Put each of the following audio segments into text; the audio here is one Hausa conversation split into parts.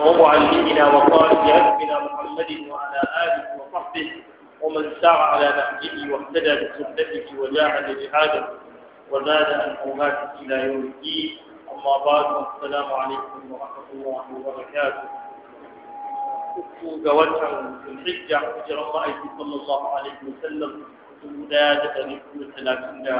ومعلمنا وقائد أبنا محمد وعلى آله وصحبه ومن سار على نهجه واهتدى بسنته وجاهد جهاده وزاد أن أوهاك إلى يوم الدين أما بعد السلام عليكم ورحمة الله وبركاته أكتوك وجهه في الحجة أجر الله صلى الله عليه وسلم وداد أنكم ثلاثين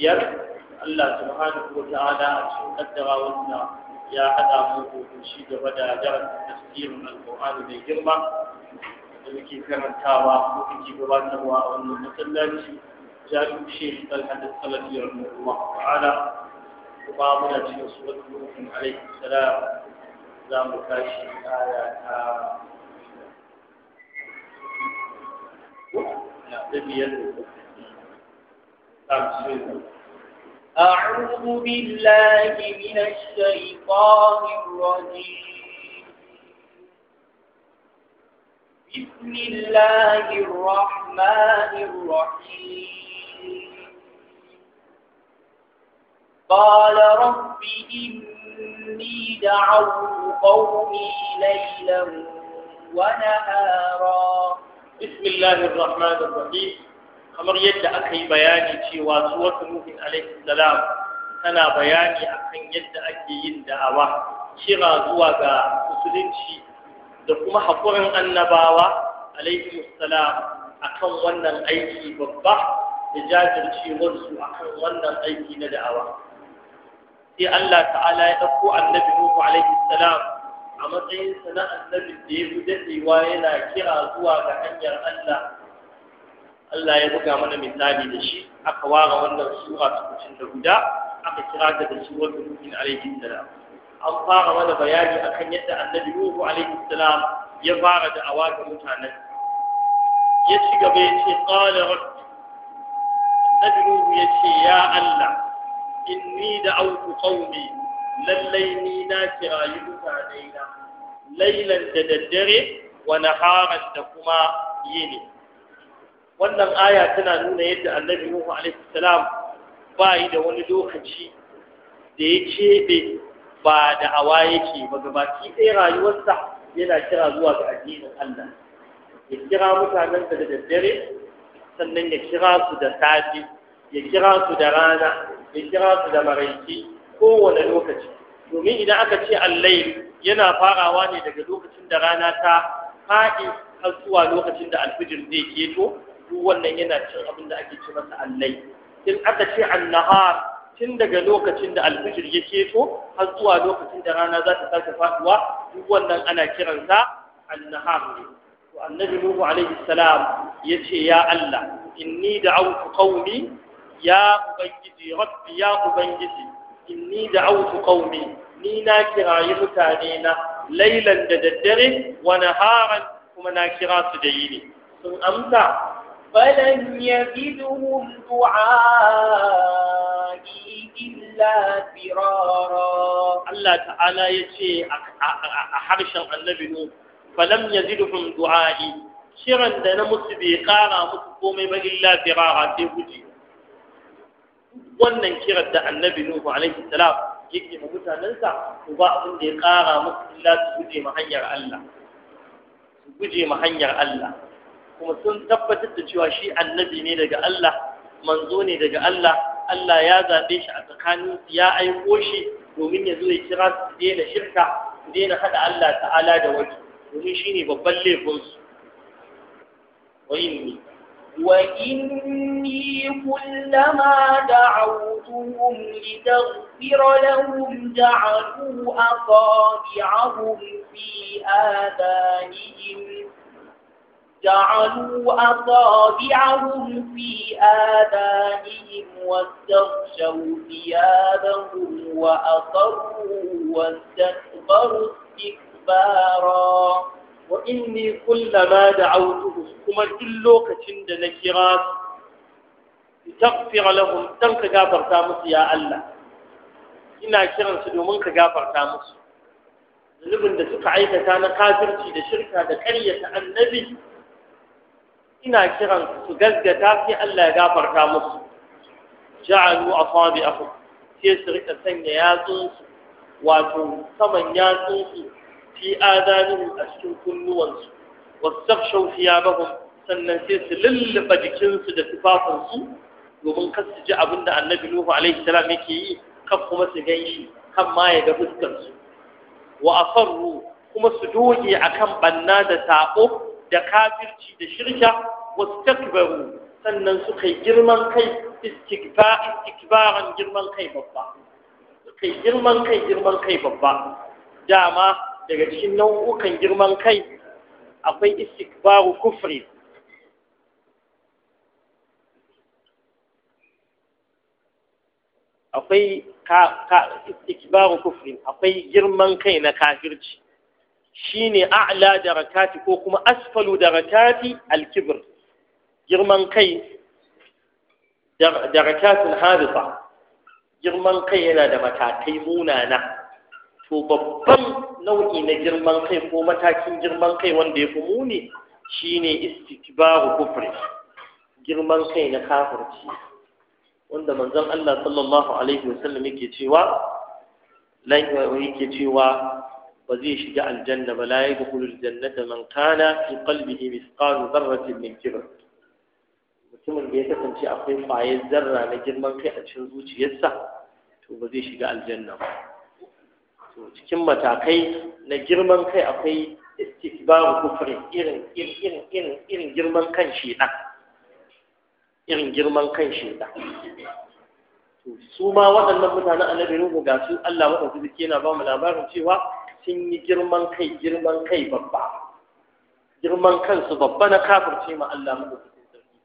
يرد الله سبحانه وتعالى أشهد أدرى وزنا ya haɗa mu shi gaba da darasin tafsirin alƙur'ani mai girma da muke karantawa ko kuke gabatarwa a wannan masallaci jami'in shehu talhat salafi rahimahullah ta'ala kuma muna cikin suratul mu'min alaihi salam za mu tashi aya ta na ɗabiyar da ta أعوذ بالله من الشيطان الرجيم بسم الله الرحمن الرحيم قال رب إني دعوت قومي ليلا ونهارا بسم الله الرحمن الرحيم kamar yadda aka yi bayani cewa suwatu nuhin alaihi salam tana bayani akan yadda ake yin da'awa kira zuwa ga musulunci da kuma haƙurin annabawa alaihi salam akan wannan aiki babba da jajircewarsu akan wannan aiki na da'awa sai Allah ta'ala ya ɗauko annabi Nuhu alaihi salam a matsayinsa na annabin da ya fi daɗewa yana kira zuwa ga hanyar Allah Allah ya buga mana misali da shi aka ware wannan sura ta kucin da guda aka kira ta da al mu'min alaihi salam an fara mana bayani akan yadda annabi Nuhu alaihi salam ya fara da awa ga mutanen ya ci gaba ya ce qala rabbi annabi Nuhu ya ce ya Allah inni da'awtu qaumi lallai ni na kirayi mutane na lailan da daddare wa naharan da kuma yini wannan aya tana nuna yadda annabi Nuhu alaihi salam ba yi da wani lokaci da ya keɓe ba da awa yake ba gabaki ɗaya rayuwarsa yana kira zuwa ga addinin Allah ya kira mutanen da daddare sannan ya kira su da safe ya kira su da rana ya kira su da maraice kowane lokaci domin idan aka ce allai yana farawa ne daga lokacin da rana ta faɗi har zuwa lokacin da alfijir zai keto duk wannan yana cin abin da ake ce masa allai in aka ce annahar tun daga lokacin da alfijir ya keto har zuwa lokacin da rana za ta sake faduwa duk wannan ana kiransa annahar ne to annabi nuhu alaihi salam ya ce ya allah inni da'awtu qaumi ya ubangiji rabbi ya ubangiji inni da'awtu qaumi ni na kirayi mutane na lailan da daddare wa naharan kuma na kira su da yini sun amsa فلن يزدهم دعائي إلا فرارا الله تعالى يتي أحرش النبي فلم يزدهم دعائي شرا دنا مسبي قارا مسقومي إلا فرارا تهجي wannan kiran da annabi Nuhu alaihi salam yake ma mutanensa to ba abin da ya kara musu illa su guje ma hanyar Allah su guje ma hanyar Allah kuma sun tabbatar da cewa shi annabi ne daga Allah manzo ne daga Allah Allah ya zaɓe shi a tsakanin ya aiko shi domin ya zo ya kira su daina shirka su daina haɗa Allah ta'ala da wani domin shi ne babban laifinsu wa inni وإني كلما دعوتهم لتغفر لهم جعلوا أصابعهم في آذانهم جعلوا أصابعهم في آذانهم واستغشوا ثيابهم وأصروا واستكبروا استكبارا وإني كلما دعوتهم كما كل كتند نكرات لتغفر لهم تنك جابر تامس يا الله إنا كرن سدومنك جابر تامس لبن da عيكة أنا قادرتي لشركة da النبي ina kiran su gaskata sai Allah ya gafarta musu ja'alu afu sai su rika sanya yatsun wato saman yatsun su fi a cikin kunnuwansu wastaghshaw thiyabahum sannan sai su lulluba jikinsu da tufafinsu domin kar su ji abin da annabi nuhu alaihi salam yake yi kan kuma su ganshi kan ma ya ga fuskarsu wa kuma su doge akan banna da sabo da kafirci da shirka wasu takbaru sannan suka yi girman kai istikbaran girman kai babba suka yi girman kai girman kai babba dama daga cikin nau'ukan girman kai akwai istikbaru kufri akwai istikbaru kufri akwai girman kai na kafirci Shi shine a'la da rakati ko kuma asfalu da rakati Alkibir, girman kai da rakatin hadisa girman kai yana da matakai munana to babban nau'i na girman kai ko matakin girman kai wanda ya fi muni ne istikibaru kufri girman kai na kafirci wanda manzon Allah sallallahu alaihi wasallam yake cewa lan yake cewa وزي شجاع الجنة ولا يدخل الجنة من كان في قلبه مثقال ذرة من كبر mutumin da ya kasance akwai ƙwayar zarra na girman kai a cikin zuciyarsa to ba zai shiga aljanna ba to cikin matakai na girman kai akwai istikbaru kufri irin irin irin irin girman kan shedan irin girman kan shedan to su ma waɗannan mutanen annabi nuhu ga su Allah madaukakin yana ba mu labarin cewa sun yi girman kai girman kai babba girman kansu babba na kafirce ma Allah madaukakin sarki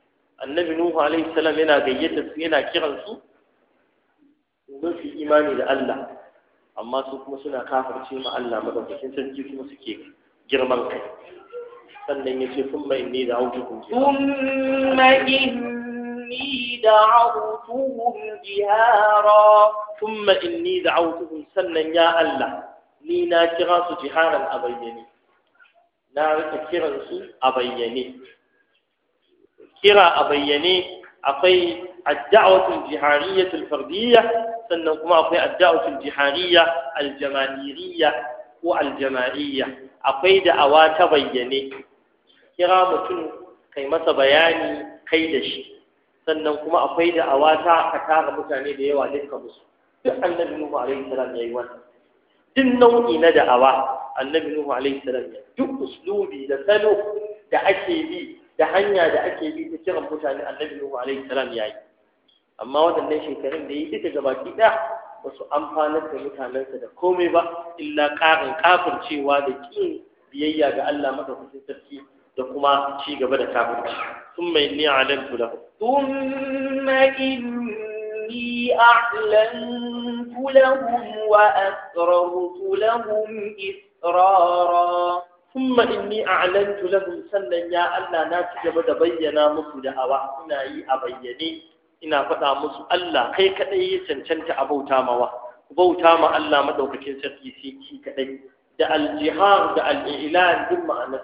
annabi nuhu alayhi salam yana gayyata su yana kiran su domin su imani da Allah amma su kuma suna kafirce ma Allah madaukakin sarki kuma suke girman kai sannan yace kuma inni da'awtukum kuma inni da'awtuhum jihara kuma inni da'awtuhum sannan ya Allah ni na kira su jiharan a bayyane na rika kiransu a bayyane kira a bayyane akwai adda'atul jihariyatul fardiyya sannan kuma akwai adda'atul jihariyya aljamaliyya ko aljamaliyya akwai da'awa ta bayyane kira mutum kai masa bayani kai da shi sannan kuma akwai da'awa ta ka tara mutane da yawa duka musu duk annabi Nuhu alaihi salam yayi wannan duk nau'i na da'awa annabi nuhu alaihi salam duk uslubi da salo da ake bi da hanya da ake bi ta kiran mutane annabi nuhu alaihi salam ya yi. amma waɗannan shekarun da ya yi ta gabaki ɗaya ba su amfanar da mutanensa da komai ba illa ƙarin kafircewa da ƙin biyayya ga Allah kusa sarki da kuma ci gaba da kafirci sun mai ni إني أعلنت لهم وأسررت لهم إسرارا ثم إني أعلنت لهم سنة يا الله ناتي بدا بينا مصد أوا إنا أبيني إنا فتا مصد الله كي كأي سنشنت أبو تاموا أبو تاما الله مدوك كنسر يسيكي كأي دا الجهار دا الإعلان دم أنا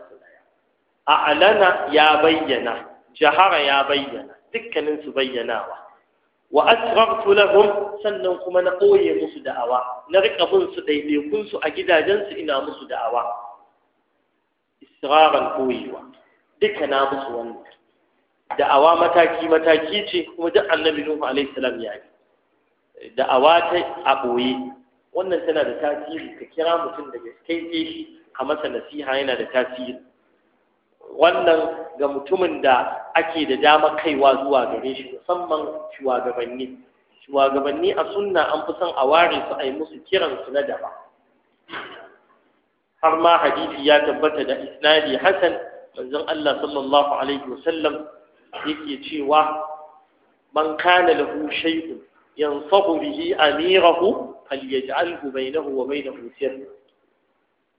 أعلن يا بينا جهر يا بينا دكا ننسو بيناوا wa asrartu lahum sannan kuma na koye musu da'awa na rika bin su daidaikun su a gidajensu ina musu da'awa israran koyewa duka na musu wannan da'awa mataki mataki ce kuma duk annabi nuhu alaihi salam ya yi da'awa ta a boye wannan tana da tasiri ka kira mutum da gaske shi a masa nasiha yana da tasiri wannan ga mutumin da ake da dama kaiwa zuwa gare shi musamman shugabanni shugabanni a sunna an fi son a ware su a yi musu kiran su na daba har ma hadisi ya tabbata da isnadi hasan manzon Allah sallallahu alaihi wasallam yake cewa man kana lahu shay'un yansahu bihi amirahu falyaj'alhu bainahu wa bainahu sirra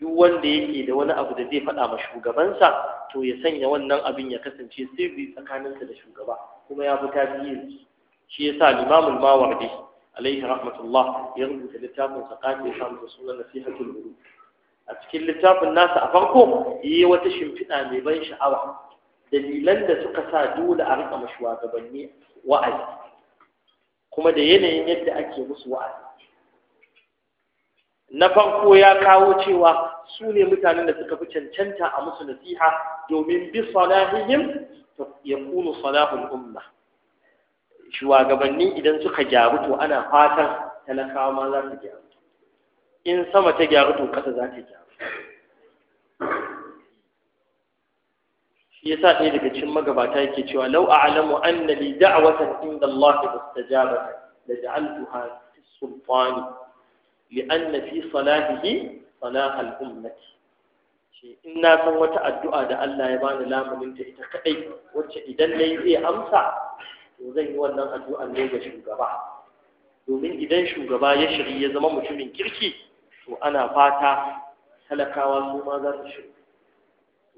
duk wanda yake da wani abu da zai faɗa ma shugabansa to ya sanya wannan abin ya kasance sirri tsakaninsa da shugaba kuma ya fi tasiri shi yasa limamul mawardi alaihi rahmatullah ya rubuta littafin sa kafi samun sunan nasihatul wuru a cikin littafin nasa a farko yi wata shimfiɗa mai ban sha'awa dalilan da suka sa dole a riƙa ma shugabanni wa'azi kuma da yanayin yadda ake musu wa'azi na farko ya kawo cewa su ne mutanen da suka fi cancanta a musu nasiha domin bi salahihim ya kunu salahul umma shugabanni idan suka gyaru to ana fatan talakawa ma za su gyaru in sama ta gyaru to kasa za ta gyaru shi yasa ɗaya daga cikin magabata yake cewa law a'lamu anna li da'watan inda Allah mustajabatan la ja'altuha fi sultani li'anna fi salahihi salahal ummati ce in na san wata addu'a da Allah ya bani lamunin ta ita kadai wacce idan nayi zai amsa to zan yi wannan addu'an ne ga shugaba domin idan shugaba ya shiri ya zama mutumin kirki to ana fata talakawa su ma za su shiri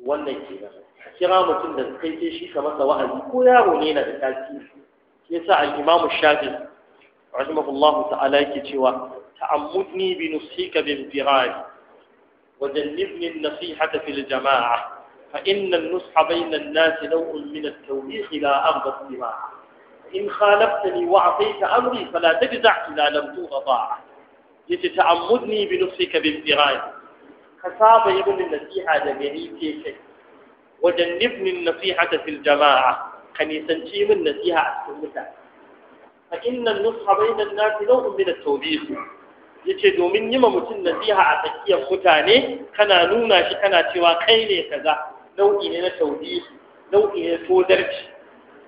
wannan ke a kira mutum da kai sai shi ka masa wa'azi ko yaro ne na da tasiri yasa al-imamu shafi rahimahullahu ta'ala yake cewa تعمدني بنصحك بانفرادي وجنبني النصيحة في الجماعة فإن النصح بين الناس نوع من التوبيخ لا أرضى السماع إن خالفتني وأعطيت أمري فلا تجزع إذا لم توغ طاعة يتتعمدني بنصحك بانفرادي خصاب ابن النصيحة جميعي تيشك وجنبني النصيحة في الجماعة كنيسا من النصيحة أسكمتها فإن النصح بين الناس نوع من التوبيخ yace domin yi ma mutum nasiha a tsakiyar mutane kana nuna shi kana cewa kai ne kaza nau'i ne na tauhidi nau'i ne na todarci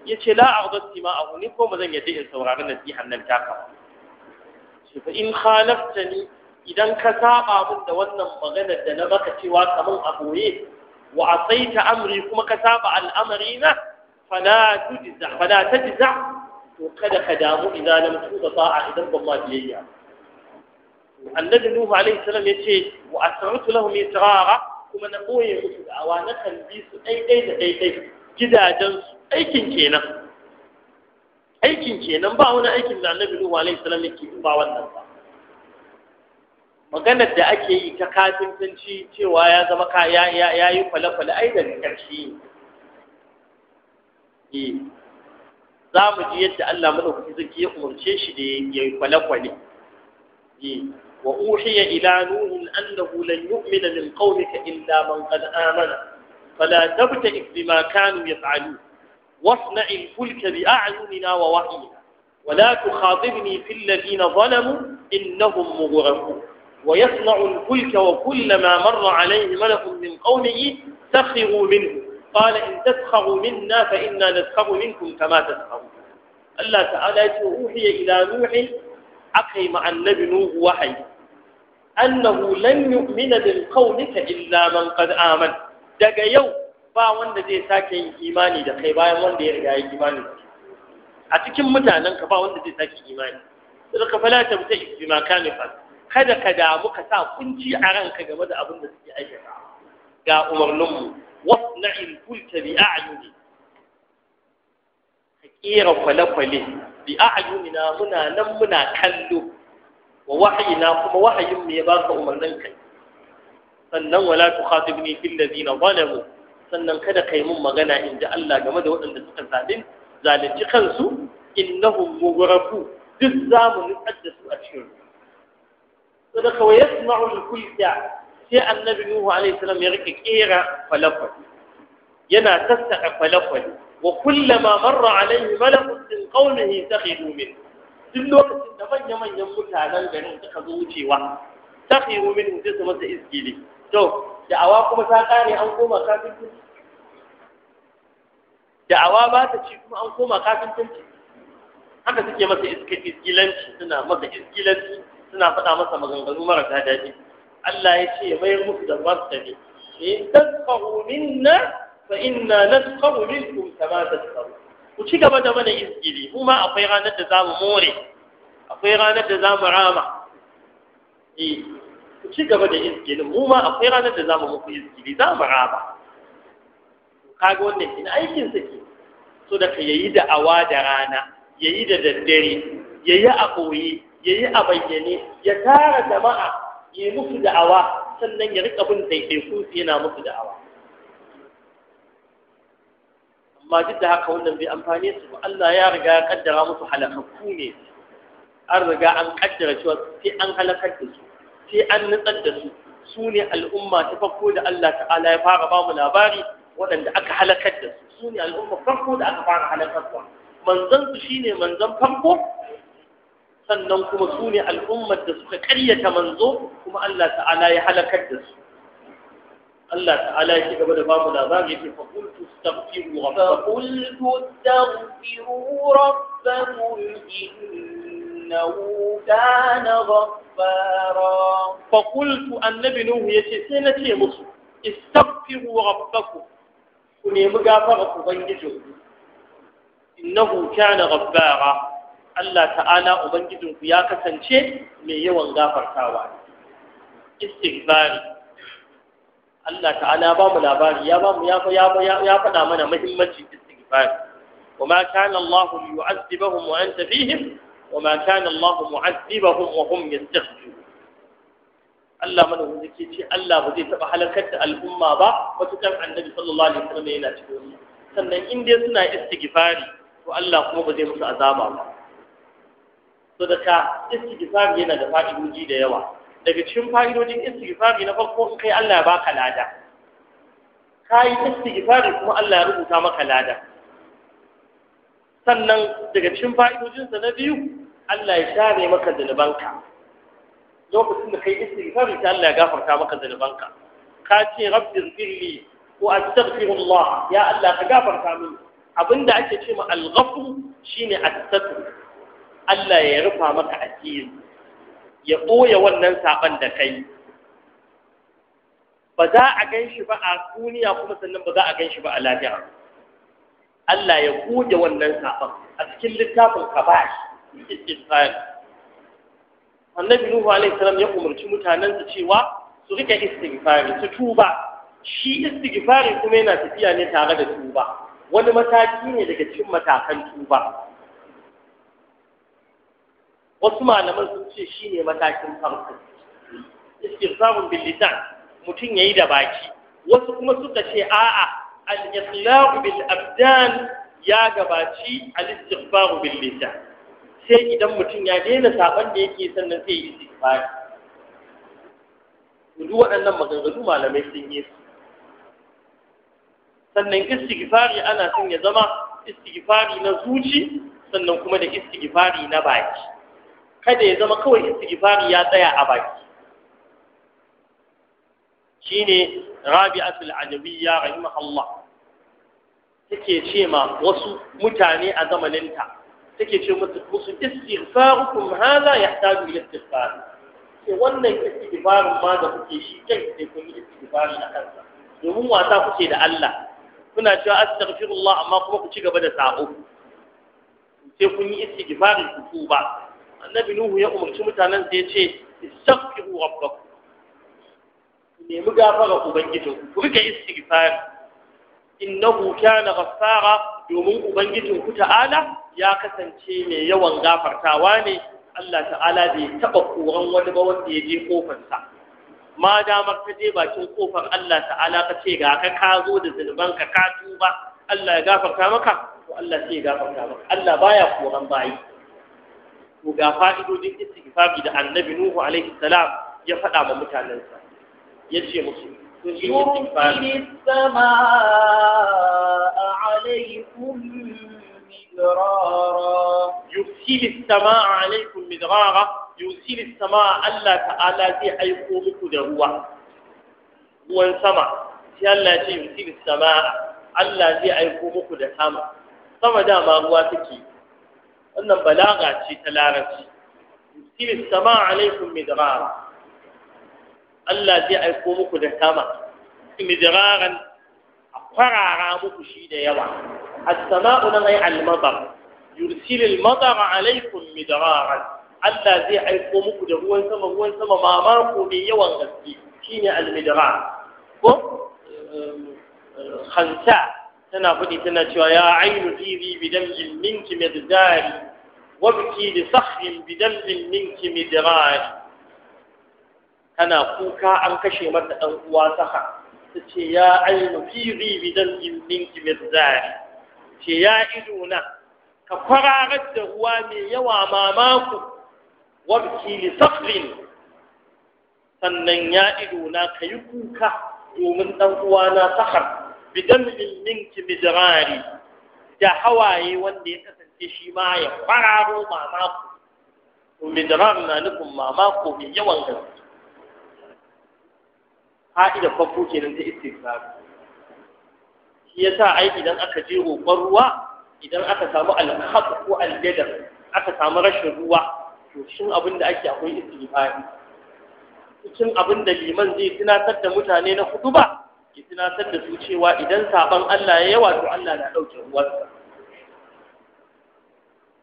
yace la a'dhati ma ahu ni ko zan yadda in saurari nasiha nan taka shi fa in khalaftani idan ka saba min da wannan maganar da na maka cewa kaman aboye wa asaita amri kuma ka saba al'amari na fala tujza to kada ka damu idan lam tuqa ta'a idan ba biyayya annabi nuhu alayhi salam yace wa asratu lahum israra kuma na boye musu da'awa na kan bi su daidai da daidai gidajen aikin kenan aikin kenan ba wani aikin da annabi nuhu alayhi salam yake ba wannan ba maganar da ake yi ta kafintanci cewa ya zama ka ya ya ya yi kwale-kwale ai karshe ƙarshe eh. za mu ji yadda Allah madaukaki zai ya umarce shi da ya yi kwale-kwale eh. وأوحي إلى نوح أنه لن يؤمن من قومك إلا من قد آمن فلا تبتئس بما كانوا يفعلون واصنع الفلك بأعيننا ووحينا ولا تخاطبني في الذين ظلموا إنهم مغرقون ويصنع الفلك وكلما مر عليه ملك من قومه سخروا منه قال إن تسخروا منا فإنا نسخر منكم كما تسخرون الله تعالى أوحي إلى نوح أقيم عن نبي نوح وحي أنه لن يؤمن بالقول إلا illa man آمن دقا daga yau ba wanda zai sake yin imani da kai bayan wanda ya riga ya imani a cikin mutanen ka ba wanda zai sake imani kada ka damu ka sa kunci a ranka game da abin da suke aikata ga umarninmu in bi a'yuni ka kera kwale-kwale bi a'yunina muna nan muna kallo wa wahayina kuma wahayin me ya baka umarnin kai sannan wala tukhatibni fil ladina zalamu sannan kada kai mun magana in ji Allah game da waɗanda suka zalin zalunci kansu innahum mughrafu duk zamu nutsar da a cikin to da kawai yasma'u al-kulta sai annabi Nuhu alaihi salam ya rike kera yana sassaka falafel wa kullama marra alaihi malakun min qaumihi takhidu minhu duk lokacin da manya-manyan mutanen garin suka zo wucewa ta khiru min sai su masa izgili to da'awa kuma ta kare an koma kafin da'awa ba ta ci kuma an koma kafin haka suke masa izgilanci suna masa izgilanci suna faɗa masa maganganu marasa daɗi Allah ya ce mayar musu da martani in tasfahu minna fa inna nasfahu minkum kama tasfahu ku ci gaba da mana izgili mu ma akwai ranar da za mu more akwai ranar da za mu rama eh ku ci gaba da izgilin mu ma akwai ranar da za mu muku izgili za mu rama kaga wannan ina aikin sa ke so da ka yayi da awa da rana yayi da daddare yayi a koyi yayi a bayyane ya tara jama'a yi musu da'awa sannan ya rika bin daidaiku su yana musu da'awa amma duk da haka wannan bai amfane su ba Allah ya riga ya kaddara musu halakakku ne an riga an kaddara cewa sai an halakar da su sai an nutsar da su su ne al'umma ta farko da Allah ta'ala ya fara ba mu labari waɗanda aka halakar da su su ne al'umma farko da aka fara halakarwa manzon su shine manzon farko sannan kuma su ne al'ummar da suka karyata manzo kuma Allah ta'ala ya halakar da su Allah ta'ala ya gaba da babu labari ya ce fakultu stafiru wa fakultu stafiru rabbanu innahu kana ghaffara fakultu annabi nuhu yace sai na ce musu istaghfiru rabbakum ku nemi gafara ku bangijo innahu kana ghaffara Allah ta'ala ubangijinku ya kasance mai yawan gafartawa istighfari Allah ta'ala ba mu labari ya ba mu ya ya faɗa mana muhimmancin istighfar وما كان الله ليعذبهم وأنت فيهم وما كان الله معذبهم وهم يستغفرون Allah mana zake ce Allah ba zai taɓa halakar da al'umma ba matuƙar annabi sallallahu alaihi wasallam yana cikin sannan in dai suna istighfari to Allah kuma ba zai musu azaba ba so da ka istighfari yana da fa'idoji da yawa daga cikin fa'idodin istighfari na farko kai Allah ba ka lada ka yi istighfari kuma Allah ya rubuta maka lada sannan daga cikin fa'idodinsa na biyu Allah ya share maka zanubanka lokacin da kai istighfari ta Allah ya gafarta maka zanubanka ka ce rabbi zirli ko astaghfirullah ya Allah ka gafarta mini abinda ake ce ma al ghafu shine at-satr Allah ya rufa maka asiri ya ɓoye wannan saɓan da kai ba za a gan shi ba a duniya kuma sannan ba za a gan shi ba a lafiya Allah ya goge wannan saɓan a cikin littafin ka ba shi annabi Nuhu alaihi salam ya umarci mutanen mutanensa cewa su rike istighfari su tuba shi istighfari kuma yana tafiya ne tare da tuba wani mataki ne daga cikin matakan tuba wasu malaman sun ce shi ne matakin farko istirzamun bil lisan mutum yi da baki wasu kuma suka ce a'a al iqla'u bil abdan ya gabaci al istighfaru bil lisan sai idan mutum ya daina saban da yake sannan sai yi istighfar duk waɗannan maganganu malamai sun yi su sannan istighfari ana son ya zama istighfari na zuci sannan kuma da istighfari na baki kada ya zama kawai istighfari ya tsaya a baki shine rabi'atul adawiyya rahimahullah take ce ma wasu mutane a zamaninta take ce musu musu istighfarukum hadha yahtaju ila istighfar sai wannan istighfarin ma da kuke shi kai sai kun yi istighfari a kansa domin wasa kuke da Allah kuna cewa astaghfirullah amma kuma ku ci gaba da sa'o sai kun yi istighfari ku tuba annabi nuhu ya umarci mutanen sai ce istaghfiru rabbakum nemi gafara ubangijin ku rike istighfar innahu kana ghaffara domin ubangijin ku ta'ala ya kasance mai yawan gafartawa ne Allah ta'ala bai taba koran wani ba wanda ya je kofar sa. ma damar ka je bakin kofar Allah ta'ala ka ce ga ka ka zo da zunubanka ka tuba Allah ya gafarta maka to Allah sai ya gafarta maka Allah baya koran bayi to ga fa'idodin istighfari da annabi nuhu alaihi salam ya faɗa ma mutanensa ya ce musu يرسل السماء عليكم مدرارا يرسل السماء عليكم مدرارا يرسل السماء الله تعالى زي أيقومك دروا ruwan sama sai Allah ya ce yursil السماء Allah zai aiko muku da sama sama dama ruwa take wannan balaga ce ta larabci yusil sama alaikum midrara Allah zai aiko muku da sama midraran a kwarara muku shi da yawa as-sama'u nan ay al-matar yursil al-matar alaikum midraran Allah zai aiko muku da ruwan sama ruwan sama mamako mai yawan gaske shine al ko tana faɗi tana cewa ya ainu tiri bidan minki mirdari wabki da sahrin bidan minki midrari tana kuka an kashe mata ɗan uwa saha ta ce ya ainu tiri bidan minki mirdari ce ya na, ka kwararar da uwa mai yawa mamaku wabki da sahrin sannan ya na, ka yi kuka domin ɗan uwa na sahar bidan minki mijrari da hawaye wanda ya kasance shi ma ya fararo mamako to mijrar na nufin mamako mai yawan gaske fa'ida farko kenan ta istighfar shi yasa ai idan aka je roƙon ruwa idan aka samu alhaq ko aljadar aka samu rashin ruwa to shin abin da ake akwai istighfar cikin abin da liman zai tunatar da mutane na hudu ba ya tunatar da su cewa idan saban Allah ya yawa to Allah na ɗauke ruwansa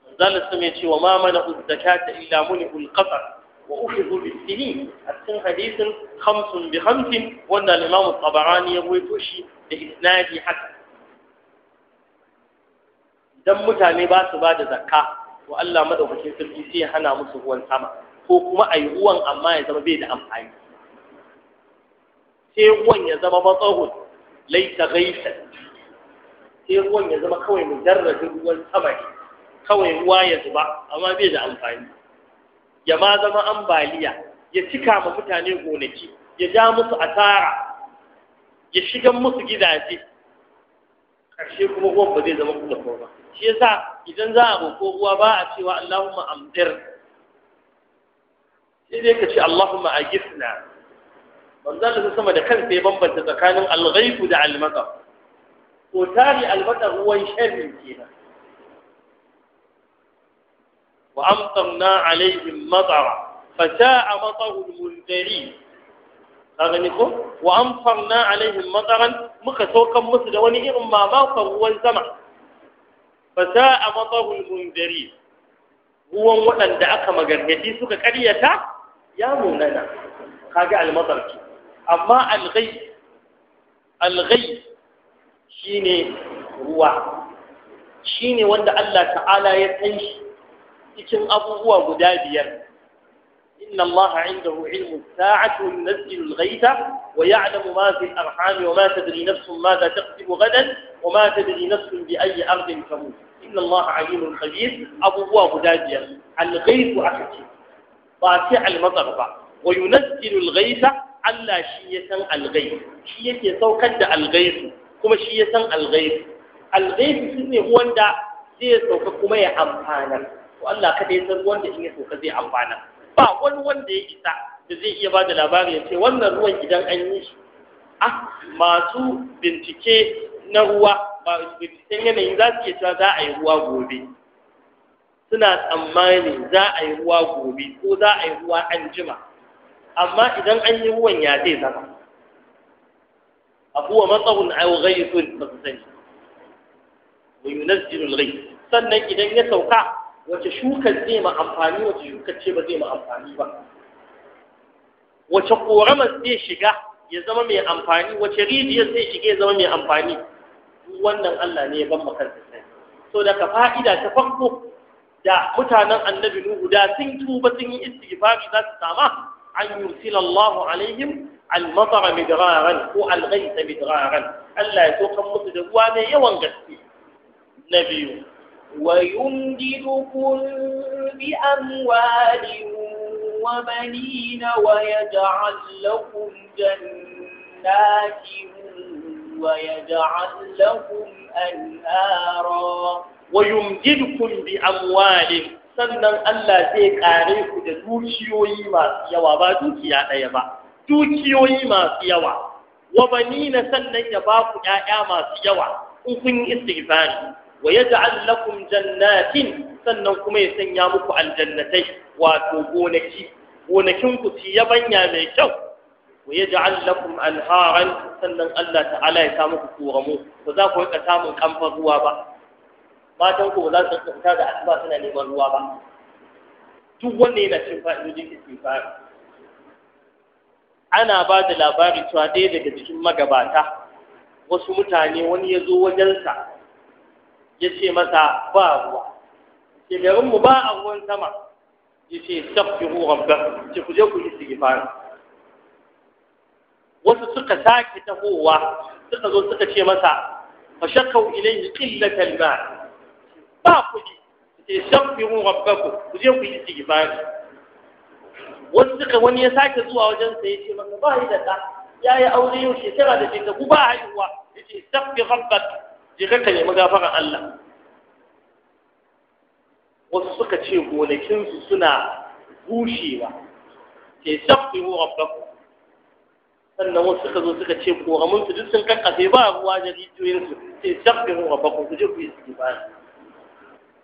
manzal sun ya cewa wa ma mana uzzakata illa muni ulqafar wa ukhidhu bisini a cikin hadisin khamsun bi khamsin wanda al-imam tabarani ya rawaito shi da isnadi haka idan mutane ba su ba da zakka to Allah madaukakin sarki sai ya hana musu ruwan sama ko kuma ayi ruwan amma ya zama bai da amfani sai ruwan ya zama matsahun laita gaisa sai ruwan ya zama kawai mujarradin ruwan sama kawai ruwa ya zuba amma bai da amfani ya ma zama ambaliya ya cika ma mutane gonaki ya ja musu asara ya shigan musu gidaje ƙarshe kuma ruwan ba zai zama kuma ba shi yasa idan za a roƙo ruwa ba a cewa Allahumma amdir sai dai ka ce Allahumma agisna manzo da sama da kansa ya bambanta tsakanin al da al-matar ko tari al-matar ruwan sharri kenan wa amtarna alaihim matara fa sa'a matarul munzari kaga ni ko wa amtarna alaihim mataran muka saukan musu da wani irin mamakon ruwan sama fa sa'a matarul munzari ruwan waɗanda aka magargadi suka karyata ya munana kaga al-matar أما الغي الغي شيني هو شيني وند الله تعالى يتنش إتن أبو هو مدابيا إن الله عنده علم الساعة ينزل الغيث ويعلم ما في الأرحام وما تدري نفس ماذا تقسم غدا وما تدري نفس بأي أرض تموت إن الله عليم خبير أبو هو مدابيا الغيث أكتب باسع المطر وينزل الغيث Allah shi ya san algai shi yake saukar da algaisu kuma shi ya san algaisu algaisu shi ne wanda zai sauka kuma ya amfana to Allah kada ya san wanda in ya sauka zai amfana ba wani wanda ya isa da zai iya bada labari ya ce wannan ruwan idan an yi shi ah masu bincike na ruwa ba binciken yanayin za su iya cewa za a yi ruwa gobe suna tsammani za a yi ruwa gobe ko za a yi ruwa an jima amma idan an yi ruwan ya zai zama wa matsawun ayo ghaithun ba su sani wa yunazzilu al-ghayth sannan idan ya sauka wace shukar zai ma amfani wace shukar ce ba zai ma amfani ba wace koramar zai shiga ya zama mai amfani wace rijiyar zai shiga ya zama mai amfani wannan Allah ne ya ban maka sani. so daga fa'ida ta farko da mutanen annabi Nuhu da sun tuba sun yi istighfari za su sama أن يرسل الله عليهم المطر مدرارا والغيث مدرارا ألا يتوقع مصدقوا هذا يوان قسي نبي ويمددكم بأموال وبنين ويجعل لكم جنات ويجعل لكم أنهارا ويمددكم بأموال sannan Allah zai ƙare ku da dukiyoyi masu yawa ba dukiya ɗaya ba dukiyoyi masu yawa wa na sannan ya ba ku ƴaƴa masu yawa in kun yi istighfari wa yaj'al lakum jannatin sannan kuma ya sanya muku aljannatai wato gonaki gonakin ku ci yabanya mai kyau wa yaj'al lakum anharan sannan Allah ta'ala ya sa muku koramu ba za ku rika samun kamfan ruwa ba matan ku ba za su fita da asuba suna neman ruwa ba duk wanda yana cin fa'idojin istighfari ana ba da labari cewa ɗaya daga cikin magabata wasu mutane wani ya zo wajensa ya ce masa ba ruwa ke garinmu ba a ruwan sama ya ce ruwan ba ce ku je ku yi istighfari wasu suka sake tahowa suka zo suka ce masa fa shakkau ilayhi qillatal ma' ba kuɗi ce shafiru rabbaku ku je ku yi istighfari wasu suka wani ya sake zuwa wajen sa yace maka ba yi da ta ya yi aure yau shekara da shekaru ba haihuwa yace istaghfir rabbak je ka ka nemi gafaran Allah wasu suka ce gonakinsu suna bushewa ce shafiru rabbaku sannan wasu suka zo suka ce koramunsu duk sun kakkafe ba ruwa da rijiyoyinsu ce shafiru rabbaku ku je ku yi istighfari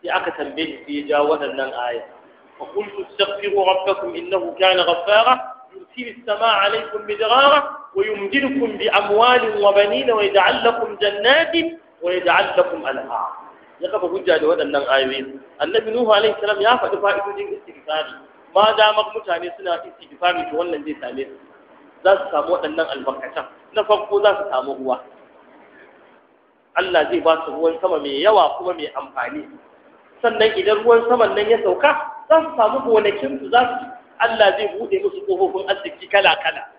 sai aka tambaye shi sai ya jawo waɗannan aya fa qultu astaghfiru rabbakum innahu kana ghaffara يرسل السماء عليكم مدرارا ويمددكم بأموال وبنين ويجعل لكم جنات ويجعل لكم أنهارا ya kafa hujja da waɗannan ayoyi annabi nuhu alaihi salam ya faɗi fa'idojin istighfari ma damar mutane suna istighfari to wannan zai same su za su samu waɗannan albarkatan na farko za su samu ruwa Allah zai ba su ruwan sama mai yawa kuma mai amfani sannan idan ruwan saman nan ya sauka za su samu gonakinsu za su Allah zai buɗe musu ƙofofin arziki kala-kala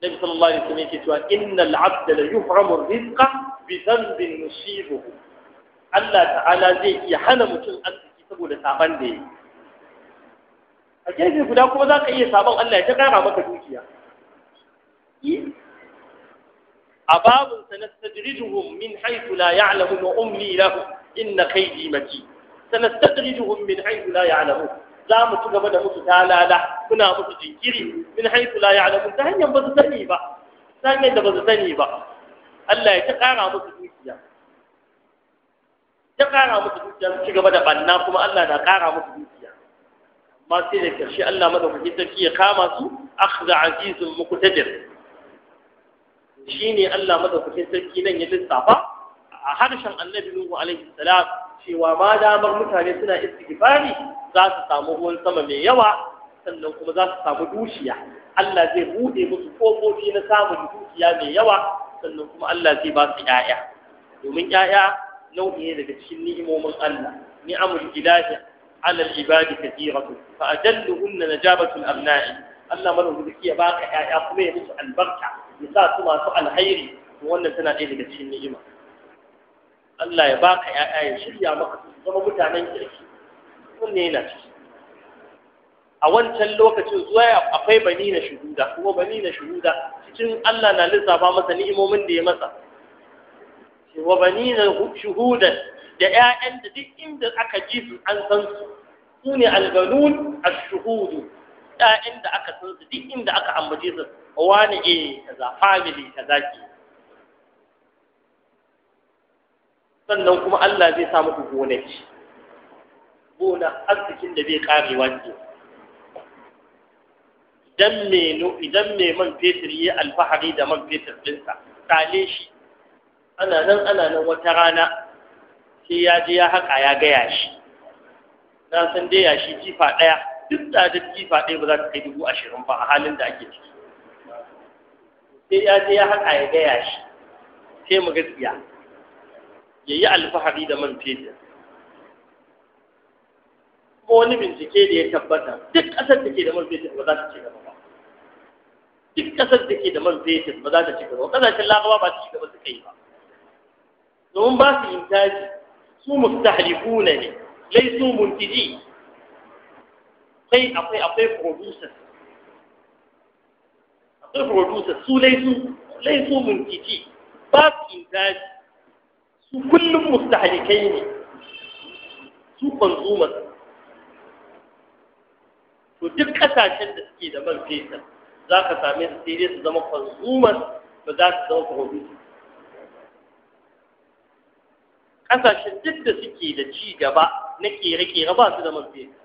Nabi sallallahu alaihi wasallam yake cewa innal abda la yuhramu rizqa bi dhanbin yusibuhu Allah ta'ala zai iya hana mutum arziki saboda saban da yi a gefe guda kuma za ka iya saban Allah ya ta kara maka dukiya أباب سنستدرجهم من حيث لا يعلمون وأملي لهم إن كيدي متين سنستدرجهم من حيث لا يعلمون za mu ci gaba da musu talala kuna musu jinkiri min haifu la ya'lamun ta hanyar ba su sani ba ta hanyar da ba su sani ba Allah ya ta kara musu dukiya ta kara musu dukiya su ci gaba da banna kuma Allah na kara musu dukiya amma sai da karshe Allah madaukakin sarki ya kama su akhza azizun muqtadir shine Allah madaukakin sarki nan ya lissafa a harshen Annabi Nuhu alaihi salam cewa ma damar mutane suna istighfari za su samu ruwan sama mai yawa sannan kuma za su samu dukiya Allah zai bude musu kofofi na samun dukiya mai yawa sannan kuma Allah zai ba su ƴaƴa domin ƴaƴa nau'i ne daga cikin ni'imomin Allah ni'amul ilahi ala al-ibadi kathiratu fa ajalluhunna najabatul abna'i Allah madaukaki ya baka ƴaƴa kuma ya musu albarka ya sa su masu alkhairi wannan tana ɗaya daga cikin ni'ima Allah ya baka ƴaƴa ya shirya maka su zama mutanen kirki wannan yana ciki a wancan lokacin zuwa akwai bani na shuhuda kuma bani na shuhuda cikin Allah na lissafa masa ni'imomin da ya masa wa bani na shuhudan da ƴaƴan da duk inda aka ji su an san su sune albanun ashuhudu ƴaƴan da aka san su duk inda aka ambace su wani eh kaza family kaza ke sannan kuma Allah zai sa muku gonaki gona arzikin da bai karewa ke idan me idan me man fetur yi alfahari da man fetur dinsa kale shi ana nan ana nan wata rana sai ya je ya haƙa ya gaya shi na san dai shi jifa ɗaya duk da tsadar kifa ɗaya ba za ta kai dubu ashirin ba a halin da ake ciki sai ya je ya haƙa ya gaya shi sai mu gaskiya ya yi alfahari da man fetur kuma wani bincike da ya tabbata duk ƙasar da ke da man fetur ba za ta ci gaba ba duk ƙasar da ke da man fetur ba za ta ci gaba ƙasashen larabawa ba ta ci gaba suka yi ba domin ba su intaji su mustahlikuna ne laisu muntiji akwai akwai akwai producers akwai producers su laisu laisu muntiji ba su intaji su kullum mustahalikai ne su consumers to duk kasashen da suke da man fetur za ka same su sai dai su zama consumers ba za su zama producers kasashen duk da suke da ci gaba na kere-kere ba su da man fetur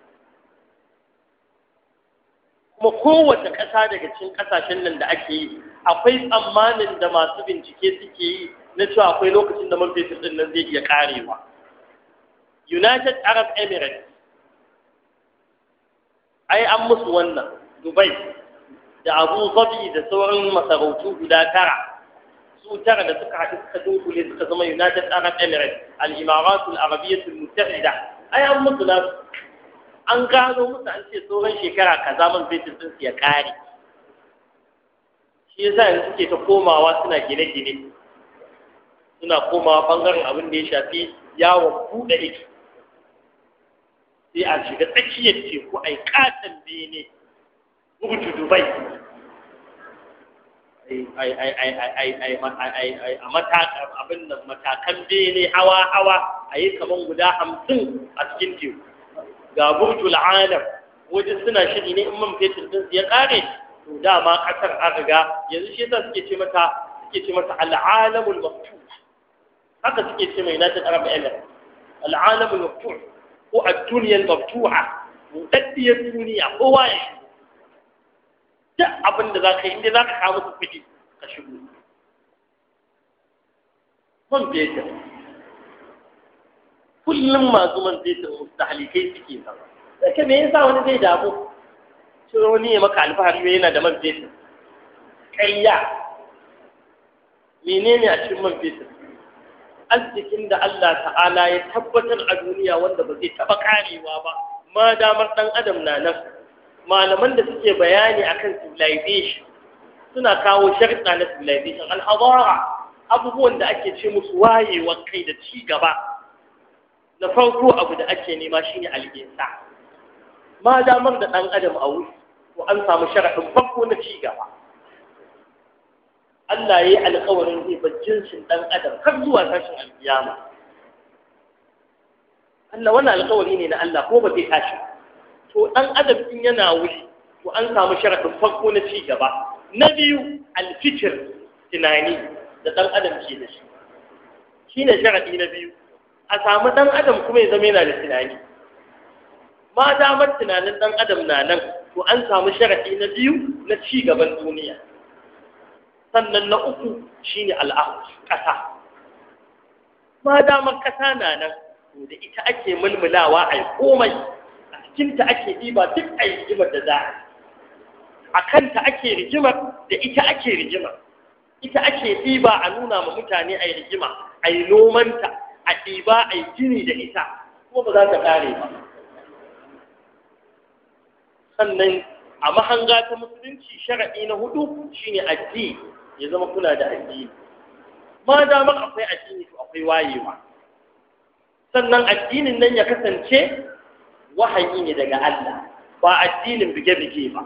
kuma kowace ƙasa daga cikin ƙasashen nan da ake yi akwai tsammanin da masu bincike suke yi na cewa akwai lokacin da man fetur ɗin nan zai iya ƙarewa united arab emirates ai an musu wannan dubai da abu zabi da sauran masarautu guda tara su tara da suka haɗu suka dunkule suka zama united arab emirates al-imaratul arabiyyatul ai an musu nasu an gano musu an ce tsohon shekara kaza zaman fetur sun ya kare shi yasa yanzu suke ta komawa suna gine-gine suna komawa bangaren abin da ya shafi yawon buɗe ido sai a shiga tsakiyar teku a yi katon bene rubutu dubai a matakan bene hawa-hawa a yi kaman guda hamsin a cikin teku ga burjul alam wajen suna shiri ne in man fetur din ya kare to dama kasar an riga yanzu shi yasa suke ce mata suke ce mata al'alamul maftuh haka suke ce mai United Arab Emirates al'alamul maftuh ko ad-dunyal maftuha buɗaɗɗiyar duniya ko waye shigo duk abin da za ka yi inda za ka kawo kuɗi ka shigo man fetur kullum masu man fetur halikai suke ba saka me yasa wani zai damu shi wani ya maka alfahari yana da man fetur ƙarya menene a cikin man fetur arzikin da Allah ta'ala ya tabbatar a duniya wanda ba zai taɓa karewa ba ma damar ɗan adam na nan malaman da suke bayani akan civilization suna kawo sharɗa na civilization al'adara abubuwan da ake ce musu wayewar kai da ci gaba na farko abu da ake nema shine al'insa ma damar da ɗan adam a wuri ko an samu sharaɗin farko na ci gaba Allah ya yi alƙawarin zai bar jinsin ɗan adam har zuwa tashin alƙiyama Allah wannan alƙawari ne na Allah ko ba zai tashi to ɗan adam in yana wuri to an samu sharaɗin farko na ci gaba na biyu alfitir tunani da ɗan adam ke da shi shine sharaɗi na biyu a samu ɗan adam kuma ya zama yana da tunani ma damar tunanin ɗan adam na nan to an samu sharaɗi na biyu na ci gaban duniya sannan na uku shine al'ahu ƙasa ma damar ƙasa na nan to da ita ake mulmulawa a komai a cikinta ake ɗiba duk a rigimar da za a kanta ake rigimar da ita ake rigimar ita ake ɗiba a nuna ma mutane a yi rigima a yi nomanta a ɗiba a yi jini da ita kuma ba za ta ƙare ba sannan a mahanga ta musulunci sharaɗi na hudu shine addini ya zama kuna da addini ma damar akwai addini to akwai wayewa sannan addinin nan ya kasance wahayi ne daga Allah ba addinin bige-bige ba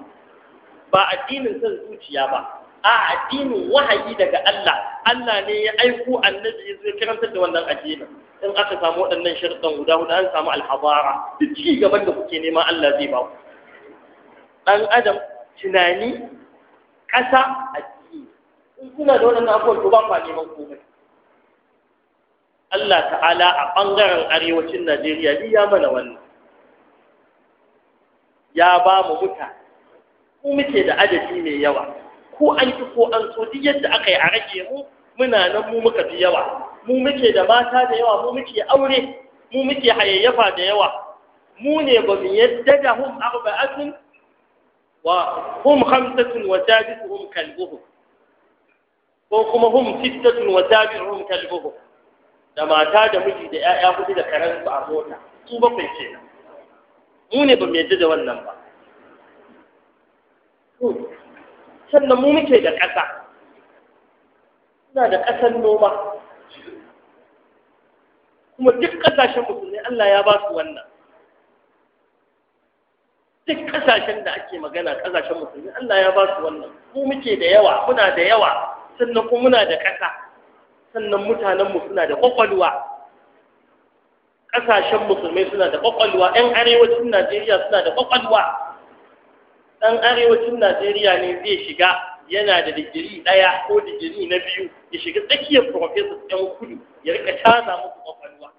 ba addinin son zuciya ba a addinin wahayi daga Allah Allah ne ya aiko annabi zai karantar da wannan addini in aka samu waɗannan sharuɗan guda huɗu an samu alhabara duk ci gaban da kuke nema Allah zai ba ku ɗan adam tunani ƙasa addini in kuna da waɗannan abubuwan to ba ku neman komai Allah ta'ala a ɓangaren arewacin Najeriya ni ya mana wannan ya ba mu muta ku muke da adadi mai yawa ko an ki ko an so duk yadda aka yi a rage mu muna nan mu muka fi yawa mu muke da mata da yawa mu muke aure mu muke hayayyafa da yawa mu ne ba mu yadda da hum arba'atun wa hum khamsatun wa sadisuhum kalbuhum ko kuma hum sittatun wa sabi'uhum kalbuhum da mata da miji da ƴaƴa kudi da karen su a mota su bakwai kenan mu ne ba mu yadda da wannan ba sannan mu muke da ƙasa muna da ƙasar noma kuma duk ƙasashen musulmi Allah ya ba su wannan duk ƙasashen da ake magana ƙasashen musulmi Allah ya ba su wannan mu muke da yawa muna da yawa sannan kuma muna da ƙasa sannan mutanenmu suna da ƙwaƙwalwa ƙasashen musulmi suna da ƙwaƙwalwa 'yan arewacin najeriya suna da ƙwaƙwalwa ɗan arewacin Najeriya ne zai shiga yana da digiri ɗaya ko digiri na biyu ya shiga tsakiyar professors ɗan kudu ya rika tasa musu kwakwalwa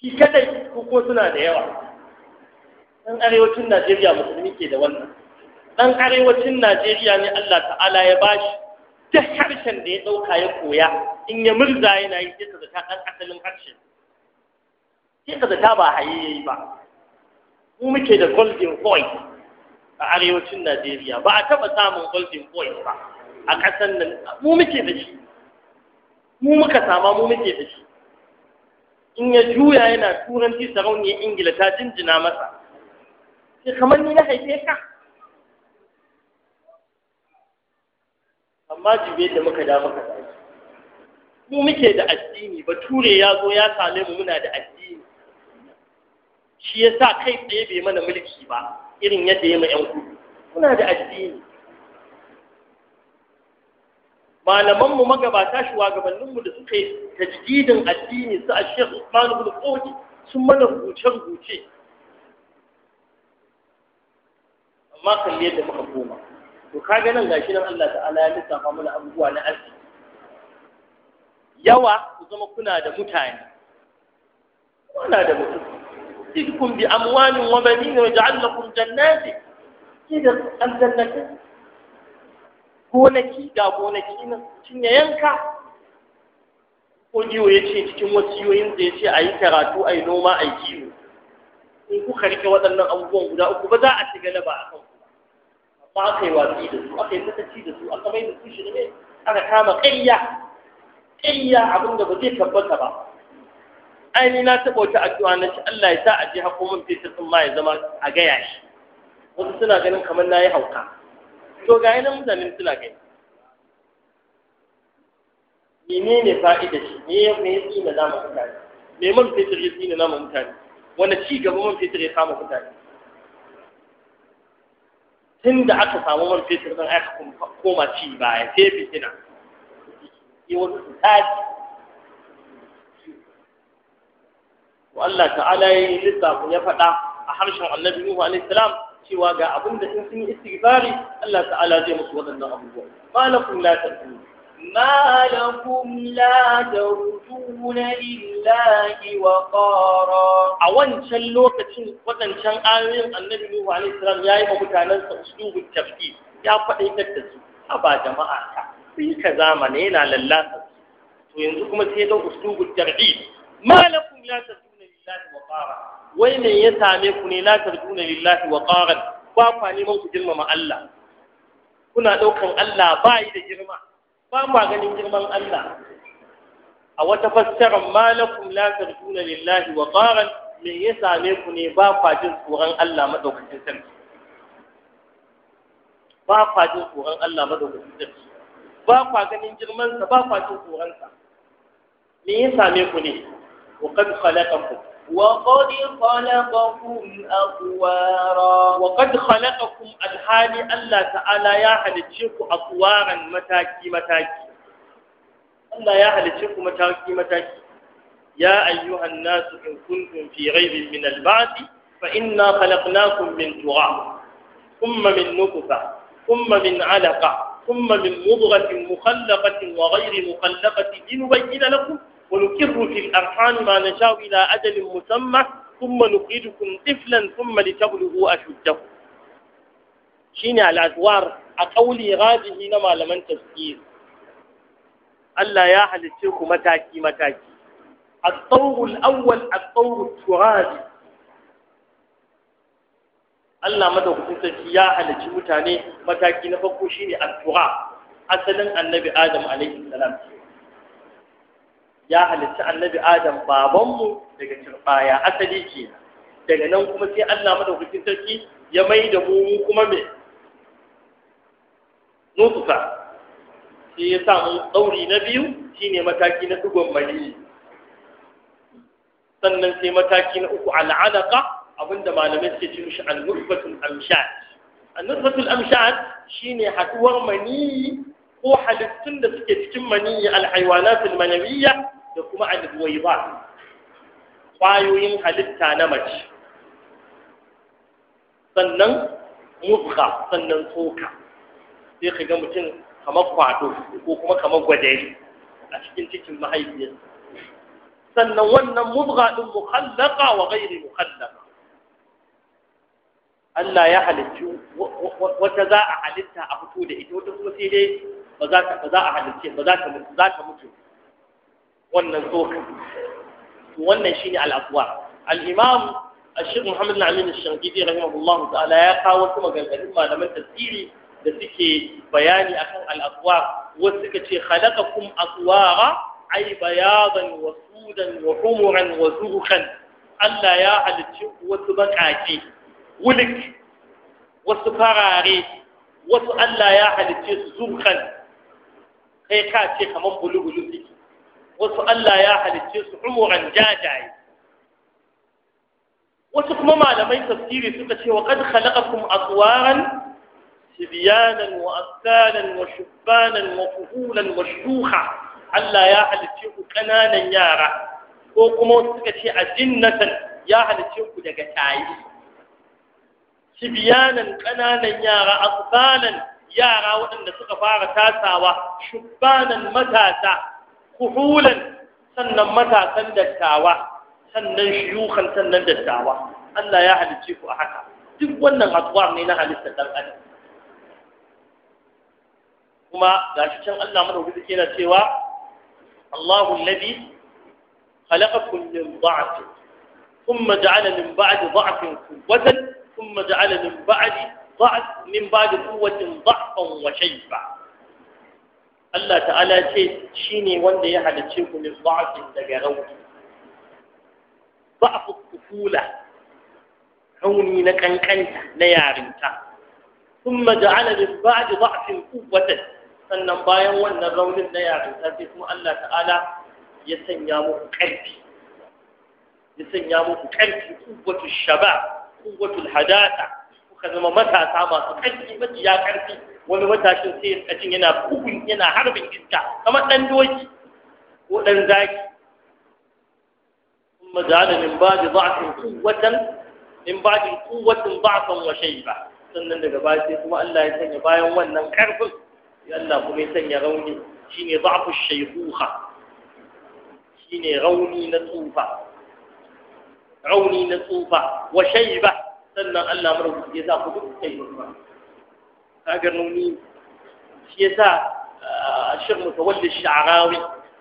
shi kadai ko suna da yawa ɗan arewacin Najeriya musulmi ke da wannan ɗan arewacin Najeriya ne Allah ta'ala ya bashi ta harshen da ya ɗauka ya koya in ya murza yana yi sai ka zata ɗan asalin harshen sai ka zata ba haye ya yi ba mu muke da golden voice a arewacin Najeriya ba a taɓa samun golden boy ba a ƙasar nan mu muke da shi mu muka sama mu muke da shi in ya juya yana turanci sarauniyar ingila ta jinjina masa sai kamar ni na haife ka amma jibe da muka da muka tashi mu muke da addini ba, Ture ya zo ya same mu muna da addini shi yasa kai tsaye bai mana mulki ba irin yadda ya ma yan kudu kuna da addini malamanmu magabata shugabanninmu da suka yi tajdidin addini su a shekh usman ibn qudi sun mana rubuce-rubuce amma kalli yadda muka koma to kaga nan gashi nan Allah ta'ala ya lissafa mana abubuwa na arziki yawa ku zama kuna da mutane kuna da mutum نسقكم بأموال وبنين ويجعل لكم جنات كده الجنة gonaki ga gonaki nan mutum ya yanka ƙungiyo ya ce cikin wasiyoyin da ya ce a yi karatu a yi noma a yi kiwo in kuka rike waɗannan abubuwan guda uku ba za a ci ba a kan ba aka yi watsi da su aka yi sakaci da su aka mai da su shirme aka kama ƙayya ƙayya abin da ba zai tabbata ba aini na taɓa wata addu'a na ci Allah ya sa a je haƙo min fetur sun ma ya zama a gaya shi wasu suna ganin kamar na yi hauka to ga yanar mutane suna gani mene ne fa'ida shi me ya fi yi na zama mutane me man fetur ya na zama mutane wanda ci gaba man fetur ya kama mutane tun da aka samu man fetur ɗin aka koma ci baya sai fitina yi wasu su tashi wa Allah ta'ala yi lissafin ya faɗa a harshen annabi Nuhu alaihissalam cewa ga abin da in sun yi istighfari Allah ta'ala zai musu waɗannan abubuwa ma lakum la tarjun ma lakum la tarjun illa wa qara a wancan lokacin wadancan ayoyin annabi Nuhu alaihissalam yayi ma mutanen sa usulul tafki ya faɗaitar da su a jama'a ka bi ka zamanai na yanzu kuma sai don usulul tarjun ma lakum la lillahi wai me ya same ku ne la tarjuna lillahi wa qara ba kwa neman ku girmama Allah kuna daukan Allah ba yi da girma ba kwa ganin girman Allah a wata fassarar malakum la tarjuna lillahi wa qara me ya same ku ne ba kwa jin tsoron Allah madaukakin sarki ba kwa jin tsoron Allah madaukakin sarki ba kwa ganin girmansa ba kwa jin tsoronsa me ya same ku ne wa qad khalaqakum وقد خلقكم أطوارا وقد خلقكم الحالي الله تعالى يا حلتشيكو أطوارا متاكي متاكي الله يا حلتشيكو متاكي متاكي يا أيها الناس إن كنتم في ريب من البعث فإنا خلقناكم من تراب ثم من نطفة ثم من علقة ثم من مضغة مخلقة وغير مخلقة لنبين لكم ونقر في الأرحام ما نشاء إلى أجل مسمى ثم نخرجكم طفلا ثم لتبلغوا أشدكم شين على الأدوار أقولي غاده نما لمن تفكير ألا يا أهل الشرك متاكي متاكي الطور الأول الطور الترابي Allah madaukakin sarki ya halicci mutane mataki na farko shine at-tura asalin annabi Adam alaihi salam ya halitta annabi adam babanmu daga turbaya asali ke daga nan kuma sai Allah madaukakin sarki ya mai da mu kuma me nutfa sai ya sa tsauri na biyu shine mataki na dugon mali sannan sai mataki na uku al'alaqa abinda malamai suke cin mishi al-nutfatul amshat al-nutfatul amshat shine haduwar mani ko halittun da suke cikin maniyyi al-hayawanatul manawiyya da kuma ba, ƙwayoyin halitta na mace sannan mutuka sannan tsoka sai ka ga mutum kamar kwado ko kuma kamar gwadari a cikin cikin mahaifiyar. sannan wannan mutuka ɗin muhallaka wa gairi muhallaka. Allah ya halittu wata za a halitta a fito da ita wata kuma sai dai ba za ta ba a ba za ta mutu wannan tsoka wannan shine al'afwa al-imam الشيخ muhammad بن علي الشنقيطي رحمه الله تعالى يا قاوة ثم قال malaman tafsiri da suke bayani akan al wasu suka ce khalaqakum aswara ay bayadan wa sudan wa humuran wa zuhran Allah ya halicci wasu bakake wulik wasu farare wasu Allah ya halicce su zuhran kai ka ce kaman bulubulu suke wasu Allah ya halicce su umuran jajaye wasu kuma malamai tafsiri suka ce wa qad khalaqakum atwaran tibyanan wa askalan wa shubbanan wa fuhulan wa shuha Allah ya halicce ku kananan yara ko kuma wasu suka ce a jinnatan ya halicce ku daga tayi tibyanan kananan yara asbalan yara waɗanda suka fara tasawa shubbanan matasa kuhulan sannan matasan dattawa sannan shiyukan sannan dattawa Allah ya halicce ku a haka duk wannan atwar ne na halitta dan adam kuma gashi can Allah madaukaki yana cewa Allahu alladhi khalaqakum min dha'f thumma ja'ala min ba'di dha'fin quwwatan thumma ja'ala min ba'di ضعف من بعد Allah ta'ala ce shi ne wanda ya halarci ku min ba'afin daga rauni ba'afu kufula rauni na kankanta na yarinta kun جعل من بعد ضعف قوة sannan bayan wannan raunin na yarinta sai kuma Allah ta'ala ya sanya muku ƙarfi ya sanya muku ƙarfi kuwatul shaba hadata kuka zama matasa masu ƙarfi majiya ƙarfi wani matashin sai ya tsacin yana bugun yana harbin iska kamar ɗan doki ko ɗan zaki ثم جعل من بعد ضعف قوة من بعد قوة ضعفا وشيبة sannan daga baya sai kuma Allah ya sanya bayan wannan karfin ya Allah kuma ya sanya rauni shine da'fu shaykhuha shine rauni na tsufa rauni na tsufa wa shayba sannan Allah mara ya za ku duk kai ba kaga rauni shi yasa ah, shir mutawalli sha'rawi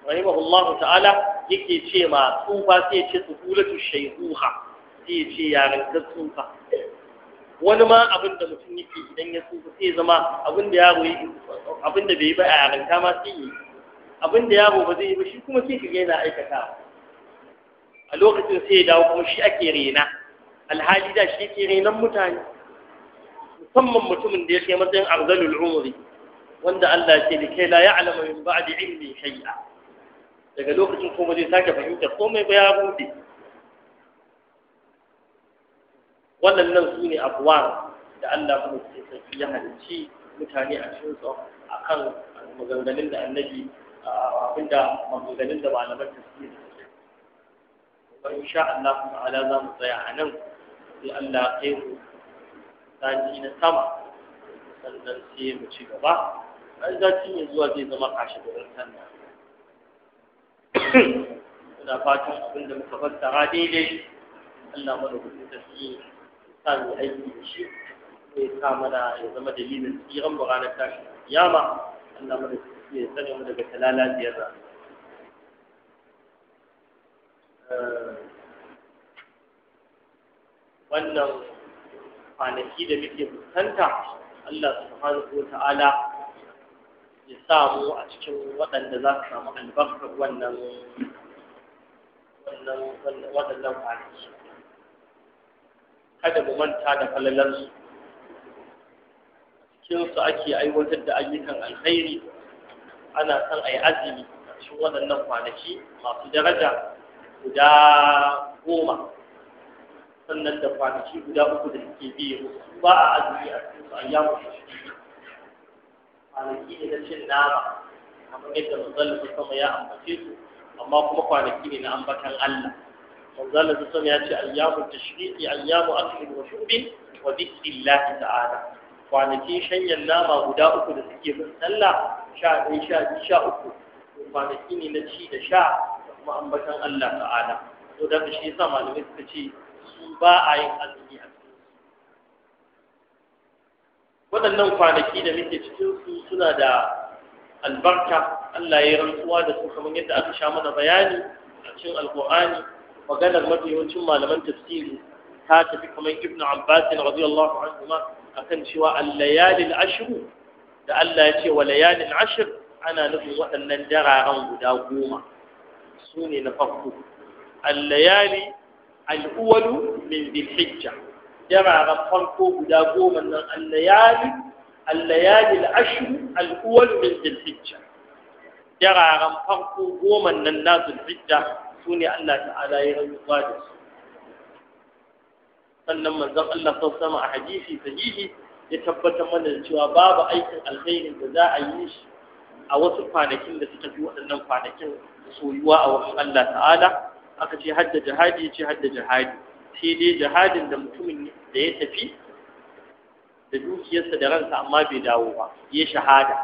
rahimahullahu ta'ala yake ce ma tsufa sai ce tsuhulatu shayduha sai ce yaran ta tsufa wani ma abin da mutum yake idan ya tsufa sai zama abin da yaro abin da bai yi ba a yaran ma sai yi abin da yaro ba zai yi ba shi kuma sai ka ga yana aikata a lokacin sai ya dawo kuma shi ake rena alhali da shi ke renan mutane musamman mutumin da ya ke matsayin arzalul umri wanda Allah ce da kai la ya'lamu min ba'di ilmi shay'a daga lokacin kuma zai sake fahimtar, komai ba ya bude wannan nan su ne abuwa da Allah kuma ke sarki ya halicci mutane a cikin su kan maganganun da annabi abinda maganganun da malaman tafsiri kuma insha Allah ala za mu tsaya a nan sai Allah ya kai sati na sama sannan sai mu ci gaba an zaci mai zuwa zai zama kashi da sannan muna fatan abin da muka fassara daidai Allah mana gudu ta fi sa mu aiki da shi zai sa mana ya zama dalilin tsiran mu ranar tashi yama Allah mana gudu ya tsare mu daga talala biyar rana eh, wannan kwanaki da muke fuskanta Allah subhanahu wa ta'ala ya samu a cikin waɗanda za su samu albarkar wannan waɗannan kwanaki kada mu manta da falalansu cikinsu ake aiwatar da ayyukan alkhairi ana son a yi azumi cikin waɗannan kwanaki masu daraja guda goma sannan da kwanaki guda uku da suke biye musu ba a azumi a cikin su ayyamu kwanaki ne na cin nama kamar yadda manzon su sama ya ambace su amma kuma kwanaki ne na ambatan Allah manzon su sama ya ce ayyamu tashriqi ayyamu akli wa shurbi wa dhikrillah ta'ala kwanaki shanyar nama guda uku da suke bin sallah sha ɗaya sha biyu sha uku kwanaki ne na ci da sha da kuma ambatan Allah ta'ala to da shi yasa malamai suka ce su ba a yin azumi a cikin waɗannan kwanaki da muke cikin su suna da albarka Allah ya rantsuwa da su kamar yadda aka sha mana bayani a cikin alqur'ani maganar mafi malaman tafsiri ta tafi kamar ibnu abbas radiyallahu anhu ma akan cewa al-layali al da Allah ya ce wa layali al-ashr ana nufin waɗannan dararen guda goma su ne na farko al-layali al'uwalu min bilhijja yararen farko guda goma nan allayali allayali al'ashu al'uwalu min bilhijja yararen farko goma nan na zulhijja su ne Allah ta'ala ya rayuwa da su sannan manzon Allah sun sama a hadisi sahihi ya tabbatar mana da cewa babu aikin alkhairin da za a yi shi a wasu kwanakin da suka fi waɗannan kwanakin da soyuwa a wurin Allah ta'ala aka ce hadda jihadi ya ce hadda jihadi sai dai jihadin da mutumin da ya tafi da dukiyarsa da ransa amma bai dawo ba ya shahada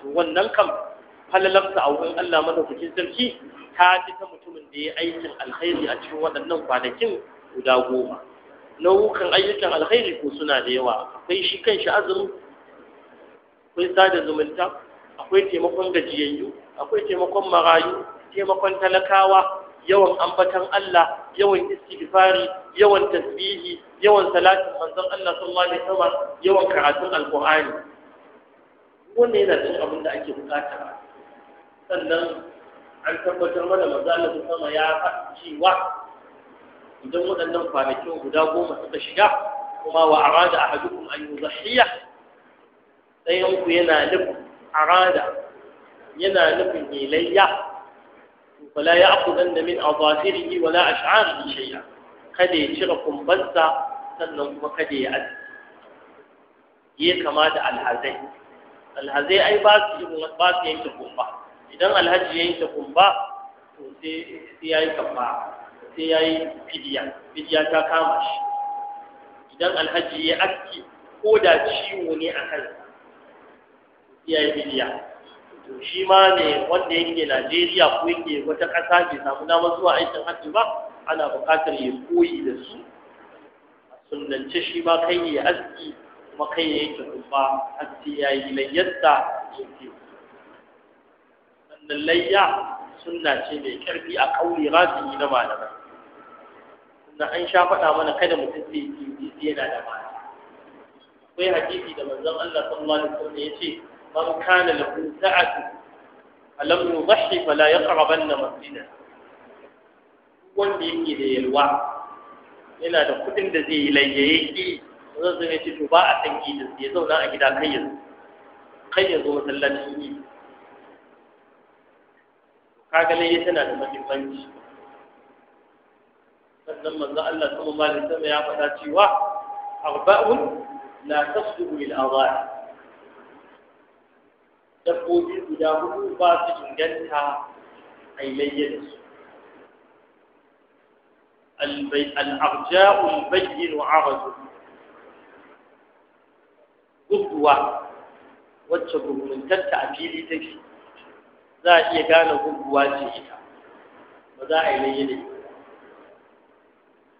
to wannan kam falalarsa a wurin Allah madaukakin sarki ta fi ta mutumin da ya aikin alkhairi a cikin waɗannan kwanakin guda goma nau'ukan ayyukan alkhairi ko suna da yawa akwai shi shi azumi akwai sada zumunta akwai taimakon gajiyayyu akwai taimakon marayu taimakon talakawa yawan ambatan Allah yawan istighfari yawan tasbihi yawan salatin manzon Allah sallallahu alaihi wasallam yawan karatun alqur'ani wannan yana cin abin da ake bukata sannan an tabbatar mana manzo Allah sallallahu ya faɗi cewa idan waɗannan kwanakin guda goma suka shiga kuma wa arada ahadukum an yuzahhiya ɗayan yana nufin arada yana nufin hilayya wala ya'khudanna min azafirihi wala ash'arihi shay'a kada ya cire kumbansa sannan kuma kada ya aji ya kama da alhazai alhazai ai ba su ba su yanke kumba idan alhaji ya yanke kumba to sai ya yi kamba sai ya yi fidiya fidiya ta kama shi idan alhaji ya aski ko da ciwo ne a kansa sai ya yi fidiya to shi ma ne wanda yake Najeriya ko yake wata ƙasa ke samu damar zuwa aikin hajji ba ana buƙatar ya koyi da su a sunnance shi ma kai ya aski kuma kai ya yake kuma hajji ya yi layyarsa yake sannan layya sunna ce mai ƙarfi a ƙauri rafi na malamai sannan an sha faɗa mana kada mutum zai yi yana da mata akwai hadisi da manzon Allah sallallahu alaihi wasallam ya ce من كان له سعة ألم يضحي فلا يقربن مسجدا كون دي كي دي الوا إلى دكتن دزي ليجيكي وزن يجي تباع تنكي دزي يزونا أكيدا كيز كيز ومثلني kaga ne ya tana da mahimmanci sannan manzo Allah sallallahu alaihi wasallam ya faɗa cewa arba'un la tasbu lil adha'i dabbobi guda hudu ba su inganta ailayya da su الأرجاء البين عرض قدوة وتشبه من تتعبيلي تكي ذا يقال قدوة جيدة وذا إليه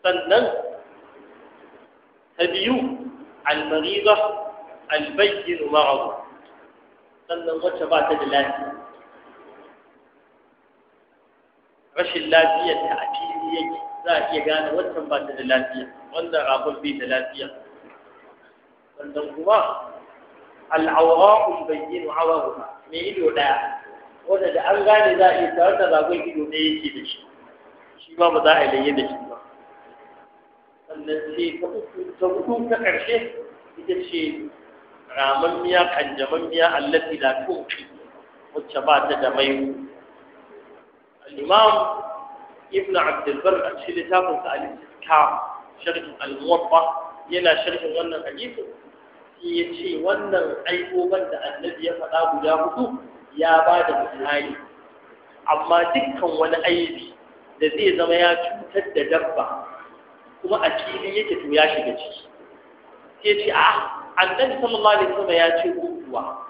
sannan ta biyu almariza albayyin ma'azu sannan wacce ba ta da lafiya rashin lafiyar ta a fili yake za a iya gane wancan ba ta da lafiya wannan ragon bai da lafiya sannan kuma al'awra'un bayyinu awra'uha mai ido daya wanda da an gane za a iya tare da ragon ido ɗaya yake da shi shi ma ba za a yi da shi ba sannan sai ta uku ta hudu ta ƙarshe ita ce ramammiya miya allati la tuqi wacce ba ta da mai al-imam ibn abd al-bar a cikin littafin sa al-istihkam al-muwatta yana sharhin wannan hadisi sai ya ce wannan aikoban da annabi ya faɗa guda hudu ya ba da misali amma dukkan wani aibi da zai zama ya cutar da dabba kuma a fili yake to ya shiga ciki sai ce a annabi sallallahu alaihi wasallam ya ce uwa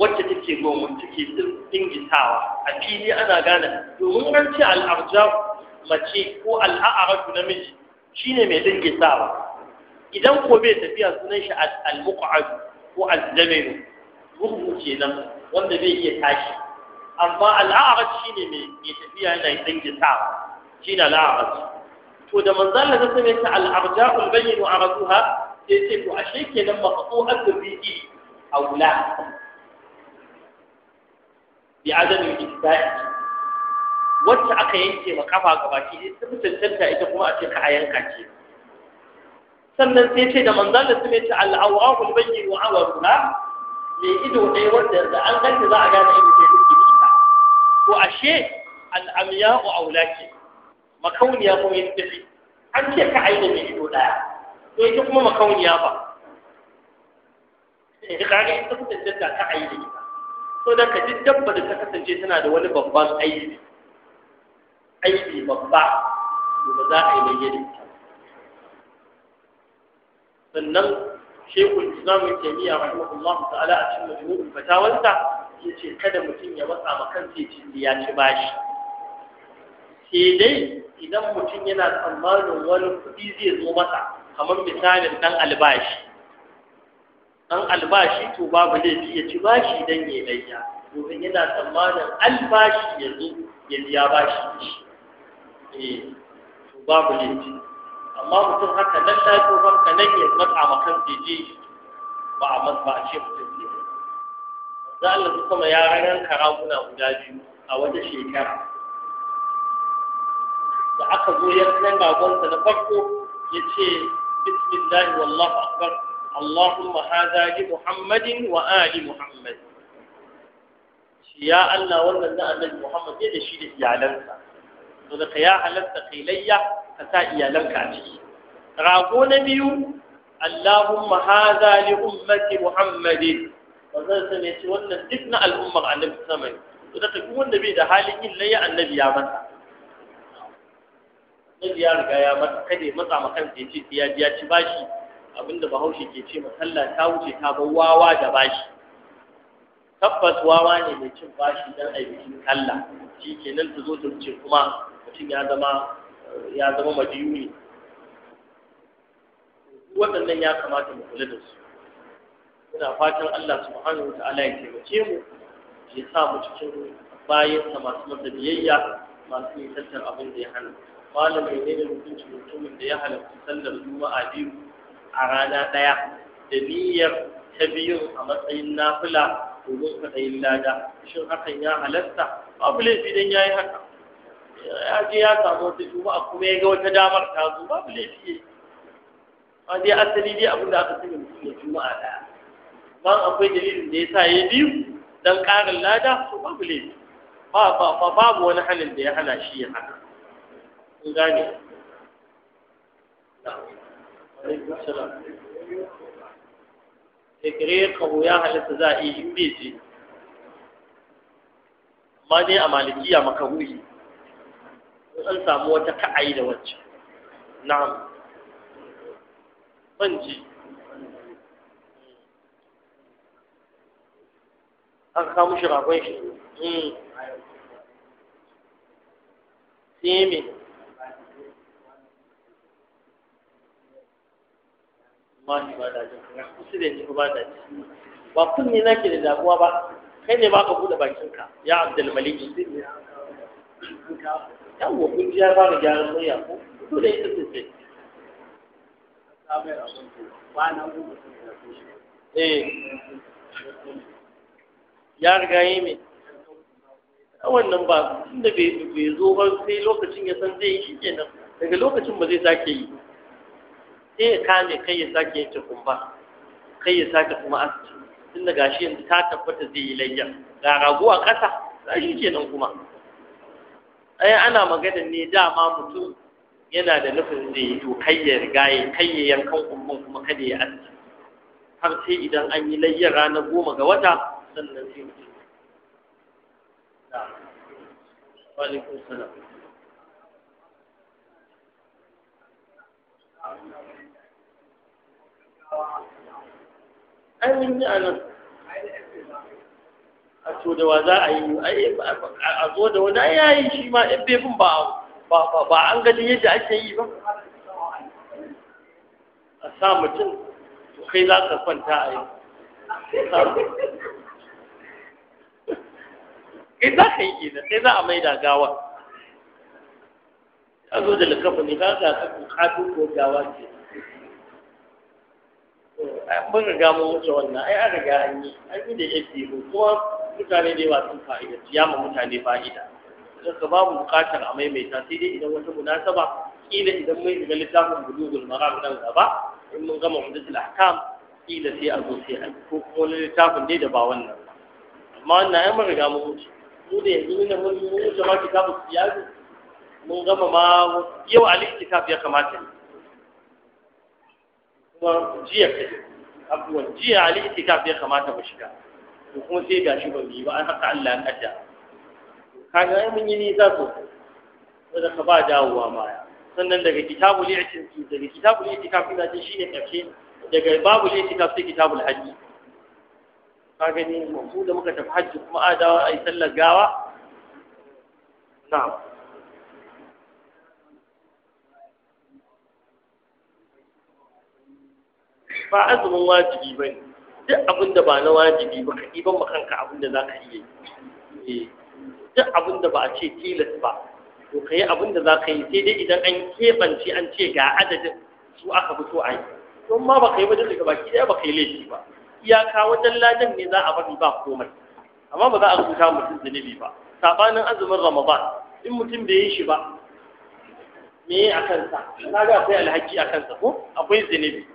wacce take goma take dingitawa a fili ana gane domin an ce al'arjab mace ko al'a'aratu namiji shine mai dingitawa idan ko bai tafiya sunan shi al-muq'ad ko al-jamil ruhu kenan wanda bai iya tashi amma al'a'arat shine mai mai tafiya yana dingitawa shine al'a'arat to da manzo Allah ya ce al-arja'ul bayyinu araduha sai ce to ashe kenan maqtu'atul bi'i aula bi adamin ibta'i wacce aka yanke ma kafa sai ta tantanta ita kuma a ce ka a yanka ce sannan sai ce da manzon da sun ce al-awraqul bayyi wa awruha mai ido ɗaya wanda da an ganta za a gane ido ce take da ita Ko ashe al-amya'u aula ke makauniya kuma yin dafi an ce ka aina mai ido ɗaya to ita kuma makauniya ba eh, ka ga ita kuma da ta aiki so da ka ji dabba da ta kasance tana da wani babban aibi aibi babba to ba za a yi bayyana sannan shekul islam ibn taymiya rahimahullahu ta'ala a cikin majmu'ul fatawansa yace kada mutum ya matsa ma kansa ci ya ci bashi sai dai idan mutum yana tsammanin wani kuɗi zai zo masa kamar misalin ɗan albashi ɗan albashi to babu laifi ya ci bashi don ya layya domin yana tsammanin albashi ya zo ya biya bashi eh to babu laifi amma mutum haka nan ta ko haka nan ya matsa ma jeje ba a matsa ba a ce mutum ne za Allah su kuma ya ranar karaguna guda biyu a wata shekara da aka zo ya nan bagonsa na farko ya ce بسم الله والله أكبر اللهم هذا لمحمد وآل محمد يا الله wannan na annabi Muhammad ne shi da iyalansa to ka ya halatta khilayya ka sa iyalanka a ciki rago na biyu Allahumma hadha li ummati Muhammadin wannan sai ne wannan duk na al'ummar annabi sama ka wanda bai da halin yin annabi ya masa nabi ya riga ya mata kada ya matsa ma kan ya ce ya ji ya ci bashi abinda bahaushe ke ce masalla ta wuce ta bar wawa da bashi tabbas wawa ne mai cin bashi dan a bikin kalla shi kenan ta zo ta wuce kuma mutum ya zama ya zama waɗannan ya kamata mu kula da su ina fatan Allah subhanahu wa ta'ala ya taimake mu ya sa mu cikin bayan masu masa biyayya masu tattar abin da ya hana ne da mutunci mutumin da ya halarci sallar juma'a biyu a rana ɗaya da niyyar ta biyu a matsayin nafila domin kaɗayin lada shin hakan ya halarta babu laifi don ya yi haka ya je ya samu wata juma'a kuma ya ga wata damar ta zo babu laifi ba dai asali dai abin da aka sani mutum ya juma'a ɗaya ba akwai dalilin da ya sa ya biyu don ƙarin lada to babu laifi ba babu wani halin da ya hana shi ya haka kun Da. tekere kawo ya halitta za a yi in amma ne a malikiya wuri. in an samu wata ka'ayi da wacce Na. ban ji aka kawo shi rakon hmm. shi sai me wallahi ba da jin kunya su da ni ba da ji ba kunni nake da damuwa ba kai ne ba ka bude bakinka ya abdul malik yawo kun ji ya ba fara gyara soya ko to da ita ce ce eh ya riga yi mai wannan ba inda bai zo ba sai lokacin ya san zai yi shi kenan daga lokacin ba zai sake yi sai ya kame kai ya sake yanke kumba kai ya sake kuma aski tun da gashi yanzu ta tabbata zai yi layya ga raguwa ƙasa za shi kenan kuma ai ana magana ne dama mutum yana da nufin zai yi to kai ya riga ya kai ya yankan kumban kuma kada ya aski har sai idan an yi layyar ranar goma ga wata sannan sai mutum وعليكم السلام ai mun yi anan a to da wa za a yi ai a zo da wani ai yayi shi ma in bai bin ba ba ba an gani yadda ake yi ba a sa mutum to kai za ka kwanta a yi kai za ka yi kenan kai za a da gawa a zo da likafa ne ka ga ka ko gawa ce mun riga mun wuce wannan ai an riga an yi an yi da yake ko kuma mutane da yawa sun fa'ida ya ma mutane fa'ida don ka babu bukatar a maimaita sai dai idan wata munasaba kila idan mun ga littafin bulugul maram nan gaba in mun gama umdatul ahkam kila sai a zo sai a ko kuma wani littafin dai da ba wannan amma wannan ai mun riga mun wuce mu da yanzu ne mun wuce ma kitabu siyasi mun gama ma yau alil kitab ya kamata ne kuma jiya kai abubuwan jiya ali itikaf ya kamata ba shiga to kuma sai gashi ba mu yi ba an haka Allah ya kaddara kaga ai mun yi nisa sosai wanda ka ba dawowa ya, sannan daga kitabul i'tikaf daga kitabul i'tikaf da shi ne kafin daga babul i'tikaf sai kitabul hajji ka gani mu da muka tafi hajji kuma a dawo ai sallar gawa na'am ba azumin wajibi ba ne duk abin da ba na wajibi ba ka ɗiban ma kanka abin da za ka iya yi eh, duk abin da ba a ce tilas ba to ka yi abin da za ka yi sai dai idan an keɓance an ce ga adadin su aka fito a yi don ma ba ka yi wajen daga baki ɗaya ba ka yi laifi ba iyaka wajen ladan ne za a bari ba komai amma ba za a rubuta mutum zunubi ba saɓanin azumin ramadan in mutum bai yi shi ba me a kansa ga akwai alhaki a kansa ko akwai zunubi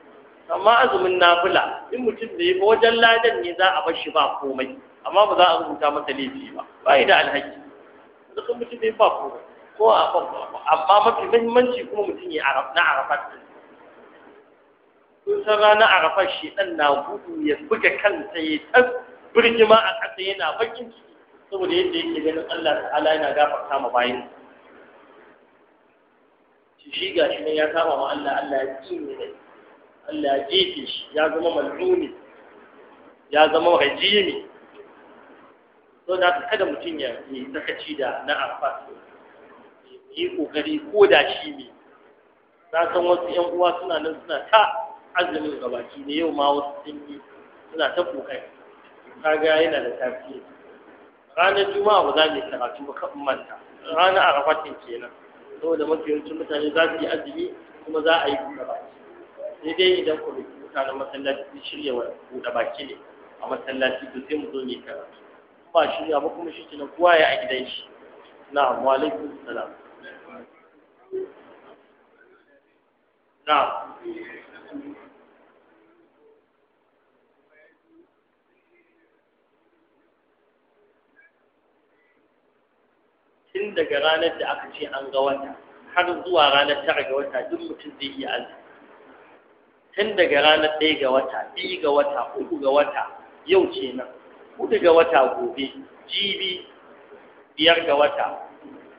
amma azumin nafila in mutum da yi wajen ladan ne za a bar shi ba komai amma ba za a rubuta masa laifi ba ba da alhaki zakan mutum da ya ba komai ko a amma mafi muhimmanci kuma mutum ya na arafa kun san ranar arafa shi dan na gudu ya buga kansa ya ta birgima a ƙasa yana bakin ciki saboda yadda yake ganin Allah ta'ala yana gafarta ma bayin shi ga shi ne ya kama ma Allah Allah ya tsine ne Allah ya jefe shi ya zama mal'uni ya zama rajimi so da kada mutum ya yi sakaci da na arfa yi kokari ko da shi ne na san wasu yan uwa suna nan suna ta azumin gabaki ne yau ma wasu sun yi suna ta kokari ga yana da tafiye ranar juma'a ba za mu yi karatu ba kan manta ranar arafatin kenan saboda mafi yawancin mutane za su yi azumi kuma za a yi gabaki sai dai idan ku duk mutanen masallaci sun shirya wa buɗe baki ne a masallaci to sai mu zo ne kara ba shirya ba kuma shi kenan kowa ya a gidan shi Na. alaikum salam tun daga ranar da aka ce an ga wata har zuwa ranar tara ga wata duk mutum zai iya azumi tun daga ranar ɗaya ga wata biyu ga wata uku ga wata yau ce nan hudu ga wata gobe jibi biyar ga wata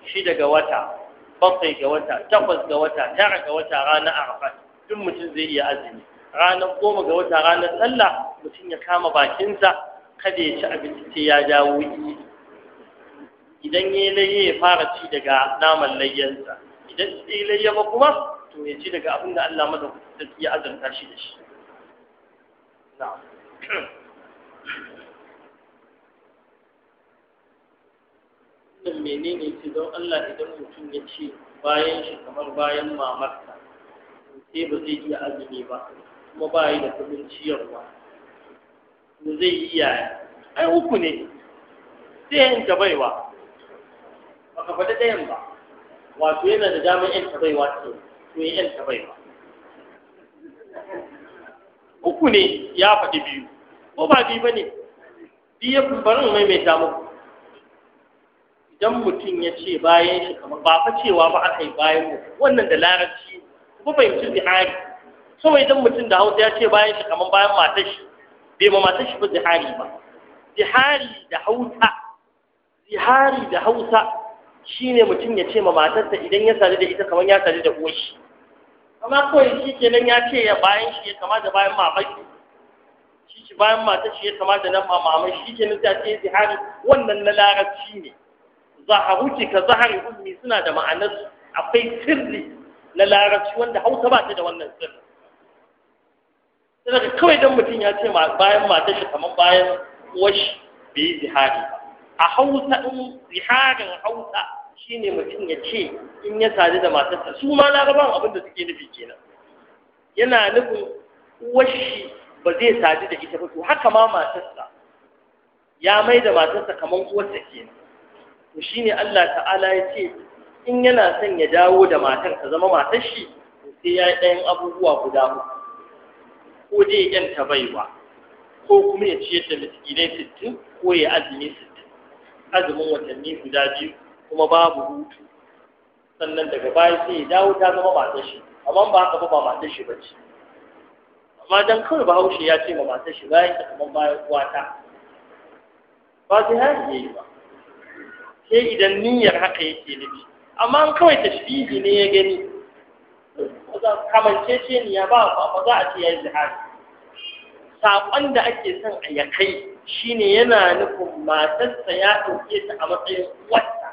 shida ga wata bakwai ga wata takwas ga wata tara ga wata ranar arafat duk mutum zai iya azumi ranar goma ga wata ranar sallah mutum ya kama bakinsa kada ya ci abinci sai ya dawo yi idan ya laye ya fara ci daga naman layyansa idan ya layya ba kuma to ya ci daga abin da Allah mada sarki ya azanta shi da shi na wannan menene ce don Allah idan mutum ya ce bayan shi kamar bayan mamarsa sai ba zai iya azumi ba kuma ba yi da kudin ciyarwa to zai yi ai uku ne sai yin ta baiwa ka faɗi ɗayan ba wato yana da damar yin ta baiwa to ya yanta ba. uku ne ya faɗi biyu ko ba biyu ba ne biyu barin maimaita damu. idan mutum ya ce bayan shi kamar ba fa cewa ba aka yi bayan mu wannan da larabci ba fahimci zihari kawai idan mutum da hausa ya ce bayan shi kamar bayan matar shi bai ma matar shi ba zihari ba zihari da hausa zihari da hausa shi ne mutum ya ce ma matarsa idan ya sadu da ita kamar ya sadu da uwar shi kama kawai shi kenan ya ce ya bayan shi ya kama da bayan mamaki shi shi bayan mata shi ya kama da nan mamaki shi kenan ta ce zihari wannan na larabci ne wuce ka zahari ummi suna da ma'anar akwai sirri na larabci wanda hausa ba ta da wannan sirri sai kawai dan mutum ya ce bayan mata shi kamar bayan uwar shi bai yi zihari ba a hausa in ziharin hausa Shi ne mutum ya ce in ya sadu da matarsa su ma larabawan abin da suke nufi kenan yana nufin uwashi ba zai sadu da ita ba to haka ma matarsa ya mai da matarsa kamar uwarsa kenan to ne Allah ta'ala ya ce in yana son ya dawo da matar ta zama matar shi sai ya yi ɗayan abubuwa guda uku ko dai ya yanta baiwa ko kuma ya ciyar da mutum sittin ko ya azumi sittin azumin watanni guda biyu kuma babu hutu sannan daga baya sai ya dawo ta zama matar shi amma ba haka ba ba matar shi bace amma dan kawai bahaushe ya ce ma matar shi bayan ta kuma bayan uwata ba sai har yi ba sai idan niyyar haka yake nufi amma an kawai tashbihi ne ya gani kamanceceniya ba ba za a ce ya yi zihari saƙon da ake son a ya kai shine yana nufin matarsa ya ɗauke ta a matsayin wata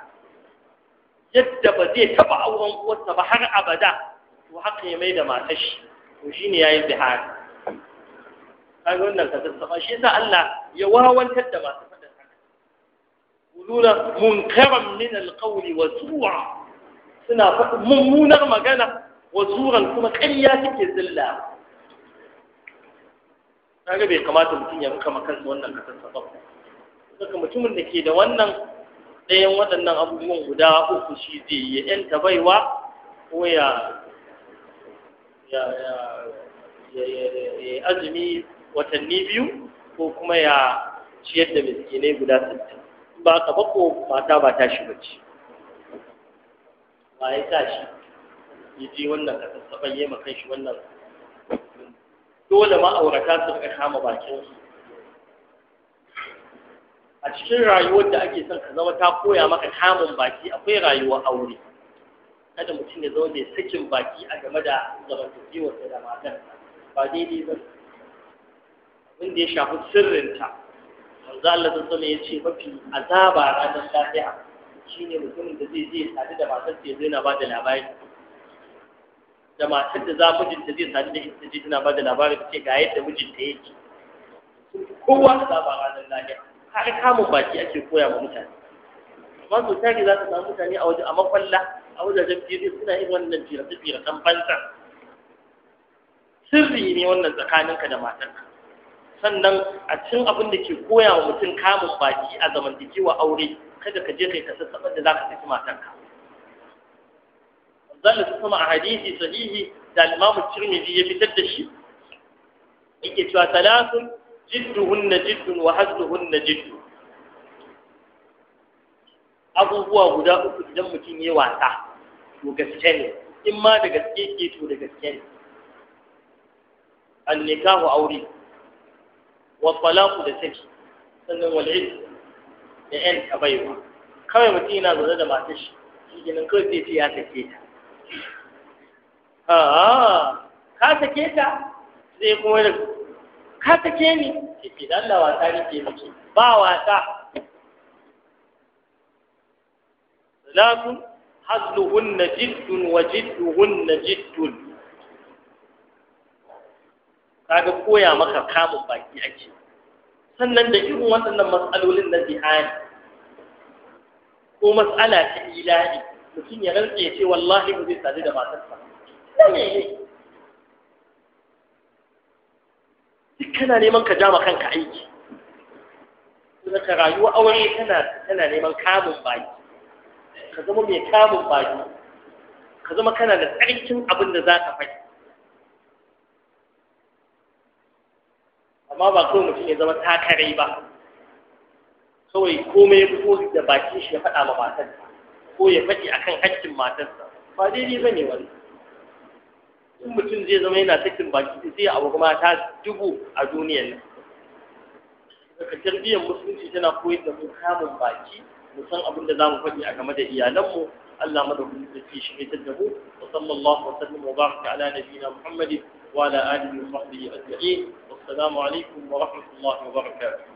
yadda ba zai taba auren uwarsa ba har abada to haka ya mai da matar shi to shine yayi zihari kaga wannan ka sassafa shi yasa Allah ya wawantar da masu fadin haka quluna munkaran min alqawli wa zuwa suna faɗin mummunar magana wa zuran kuma ƙarya suke zilla kaga bai kamata mutum ya muka makansa wannan ka sassafa ba mutumin da ke da wannan ɗayan waɗannan abubuwan guda uku shi zai yi ‘yanta baiwa ko ya azumi watanni biyu ko kuma ya ciyar da miskinai guda sittin ba ka bako mata ba ta shi bace ba ya sa shi ya je wannan ka sassaɓa yi ma kan shi wannan dole ma'aurata su rika kama bakin su a cikin rayuwar da ake son ka zama ta koya maka kamun baki akwai rayuwar aure kada mutum ya zama mai sakin baki a game da zamantakewar da matar ba daidai ba abin da ya shafi sirrinta manzo Allah ta ya ce mafi azaba ranar lafiya shine mutumin da zai je sadu da matar ya zai ba da labari da matar da za mijinta zai sadu da ita je tana ba da labari ta ce ga yadda mijinta yake kowa azaba ranar lafiya kaga kamun baki ake koya ma mutane amma su tari za ta samu mutane a waje a makwalla a wajajen fili suna yin wannan fira jira kan banta sirri ne wannan tsakaninka da matarka sannan a cin abin da ke koya wa mutum kamun baki a zamantakewa aure kada ka je kai ka sassaɓa da za ka saki matarka zalla su kuma a hadisi sahihi da limamu tirmidhi ya fitar da shi yake cewa talatun jidduhunna jiddun wa hazluhunna jiddu abubuwa guda uku idan mutum ya wasa to gaske ne in ma da gaske ke to da gaske ne An nikahu aure wa talaqu da saki sannan wal da yan kabaiwa kawai mutum yana zaune da matar shi shi ginin kawai sai ce ya sake ta ka sake ta sai kuma ka ke ni dan da wasa ni ke miki ba wasa salatun hazluhunna jiddun wa jidduhunna jiddun kaga koya maka kamun baki ake sannan da irin waɗannan matsalolin na zihani ko matsala ta ilahi mutum ya rantse ya ce wallahi ba zai sadu da matarsa ne duk kana neman ka jama kanka aiki ka rayuwa aure tana tana neman kamun baki ka zama mai kamun baki ka zama kana da tsarkin abin da za ka faɗi amma ba kawai mutum ya zama takarai ba kawai komai ya fito da bakin shi ya faɗa ma matarsa ko ya faɗi akan haƙƙin matarsa ba daidai ba ne wani in mutum zai zama yana sakin baki sai abu kuma ta dubu a duniyar nan daga tarbiyyar musulunci tana koyar da mu kamun baki mu san abin da zamu faɗi a game da iyalanmu Allah madaukakin sarki shi ne da mu wa sallallahu wa sallam wa baraka ala nabiyyina Muhammadin, wa ala alihi wa sahbihi ajma'in wassalamu alaikum wa rahmatullahi wa barakatuh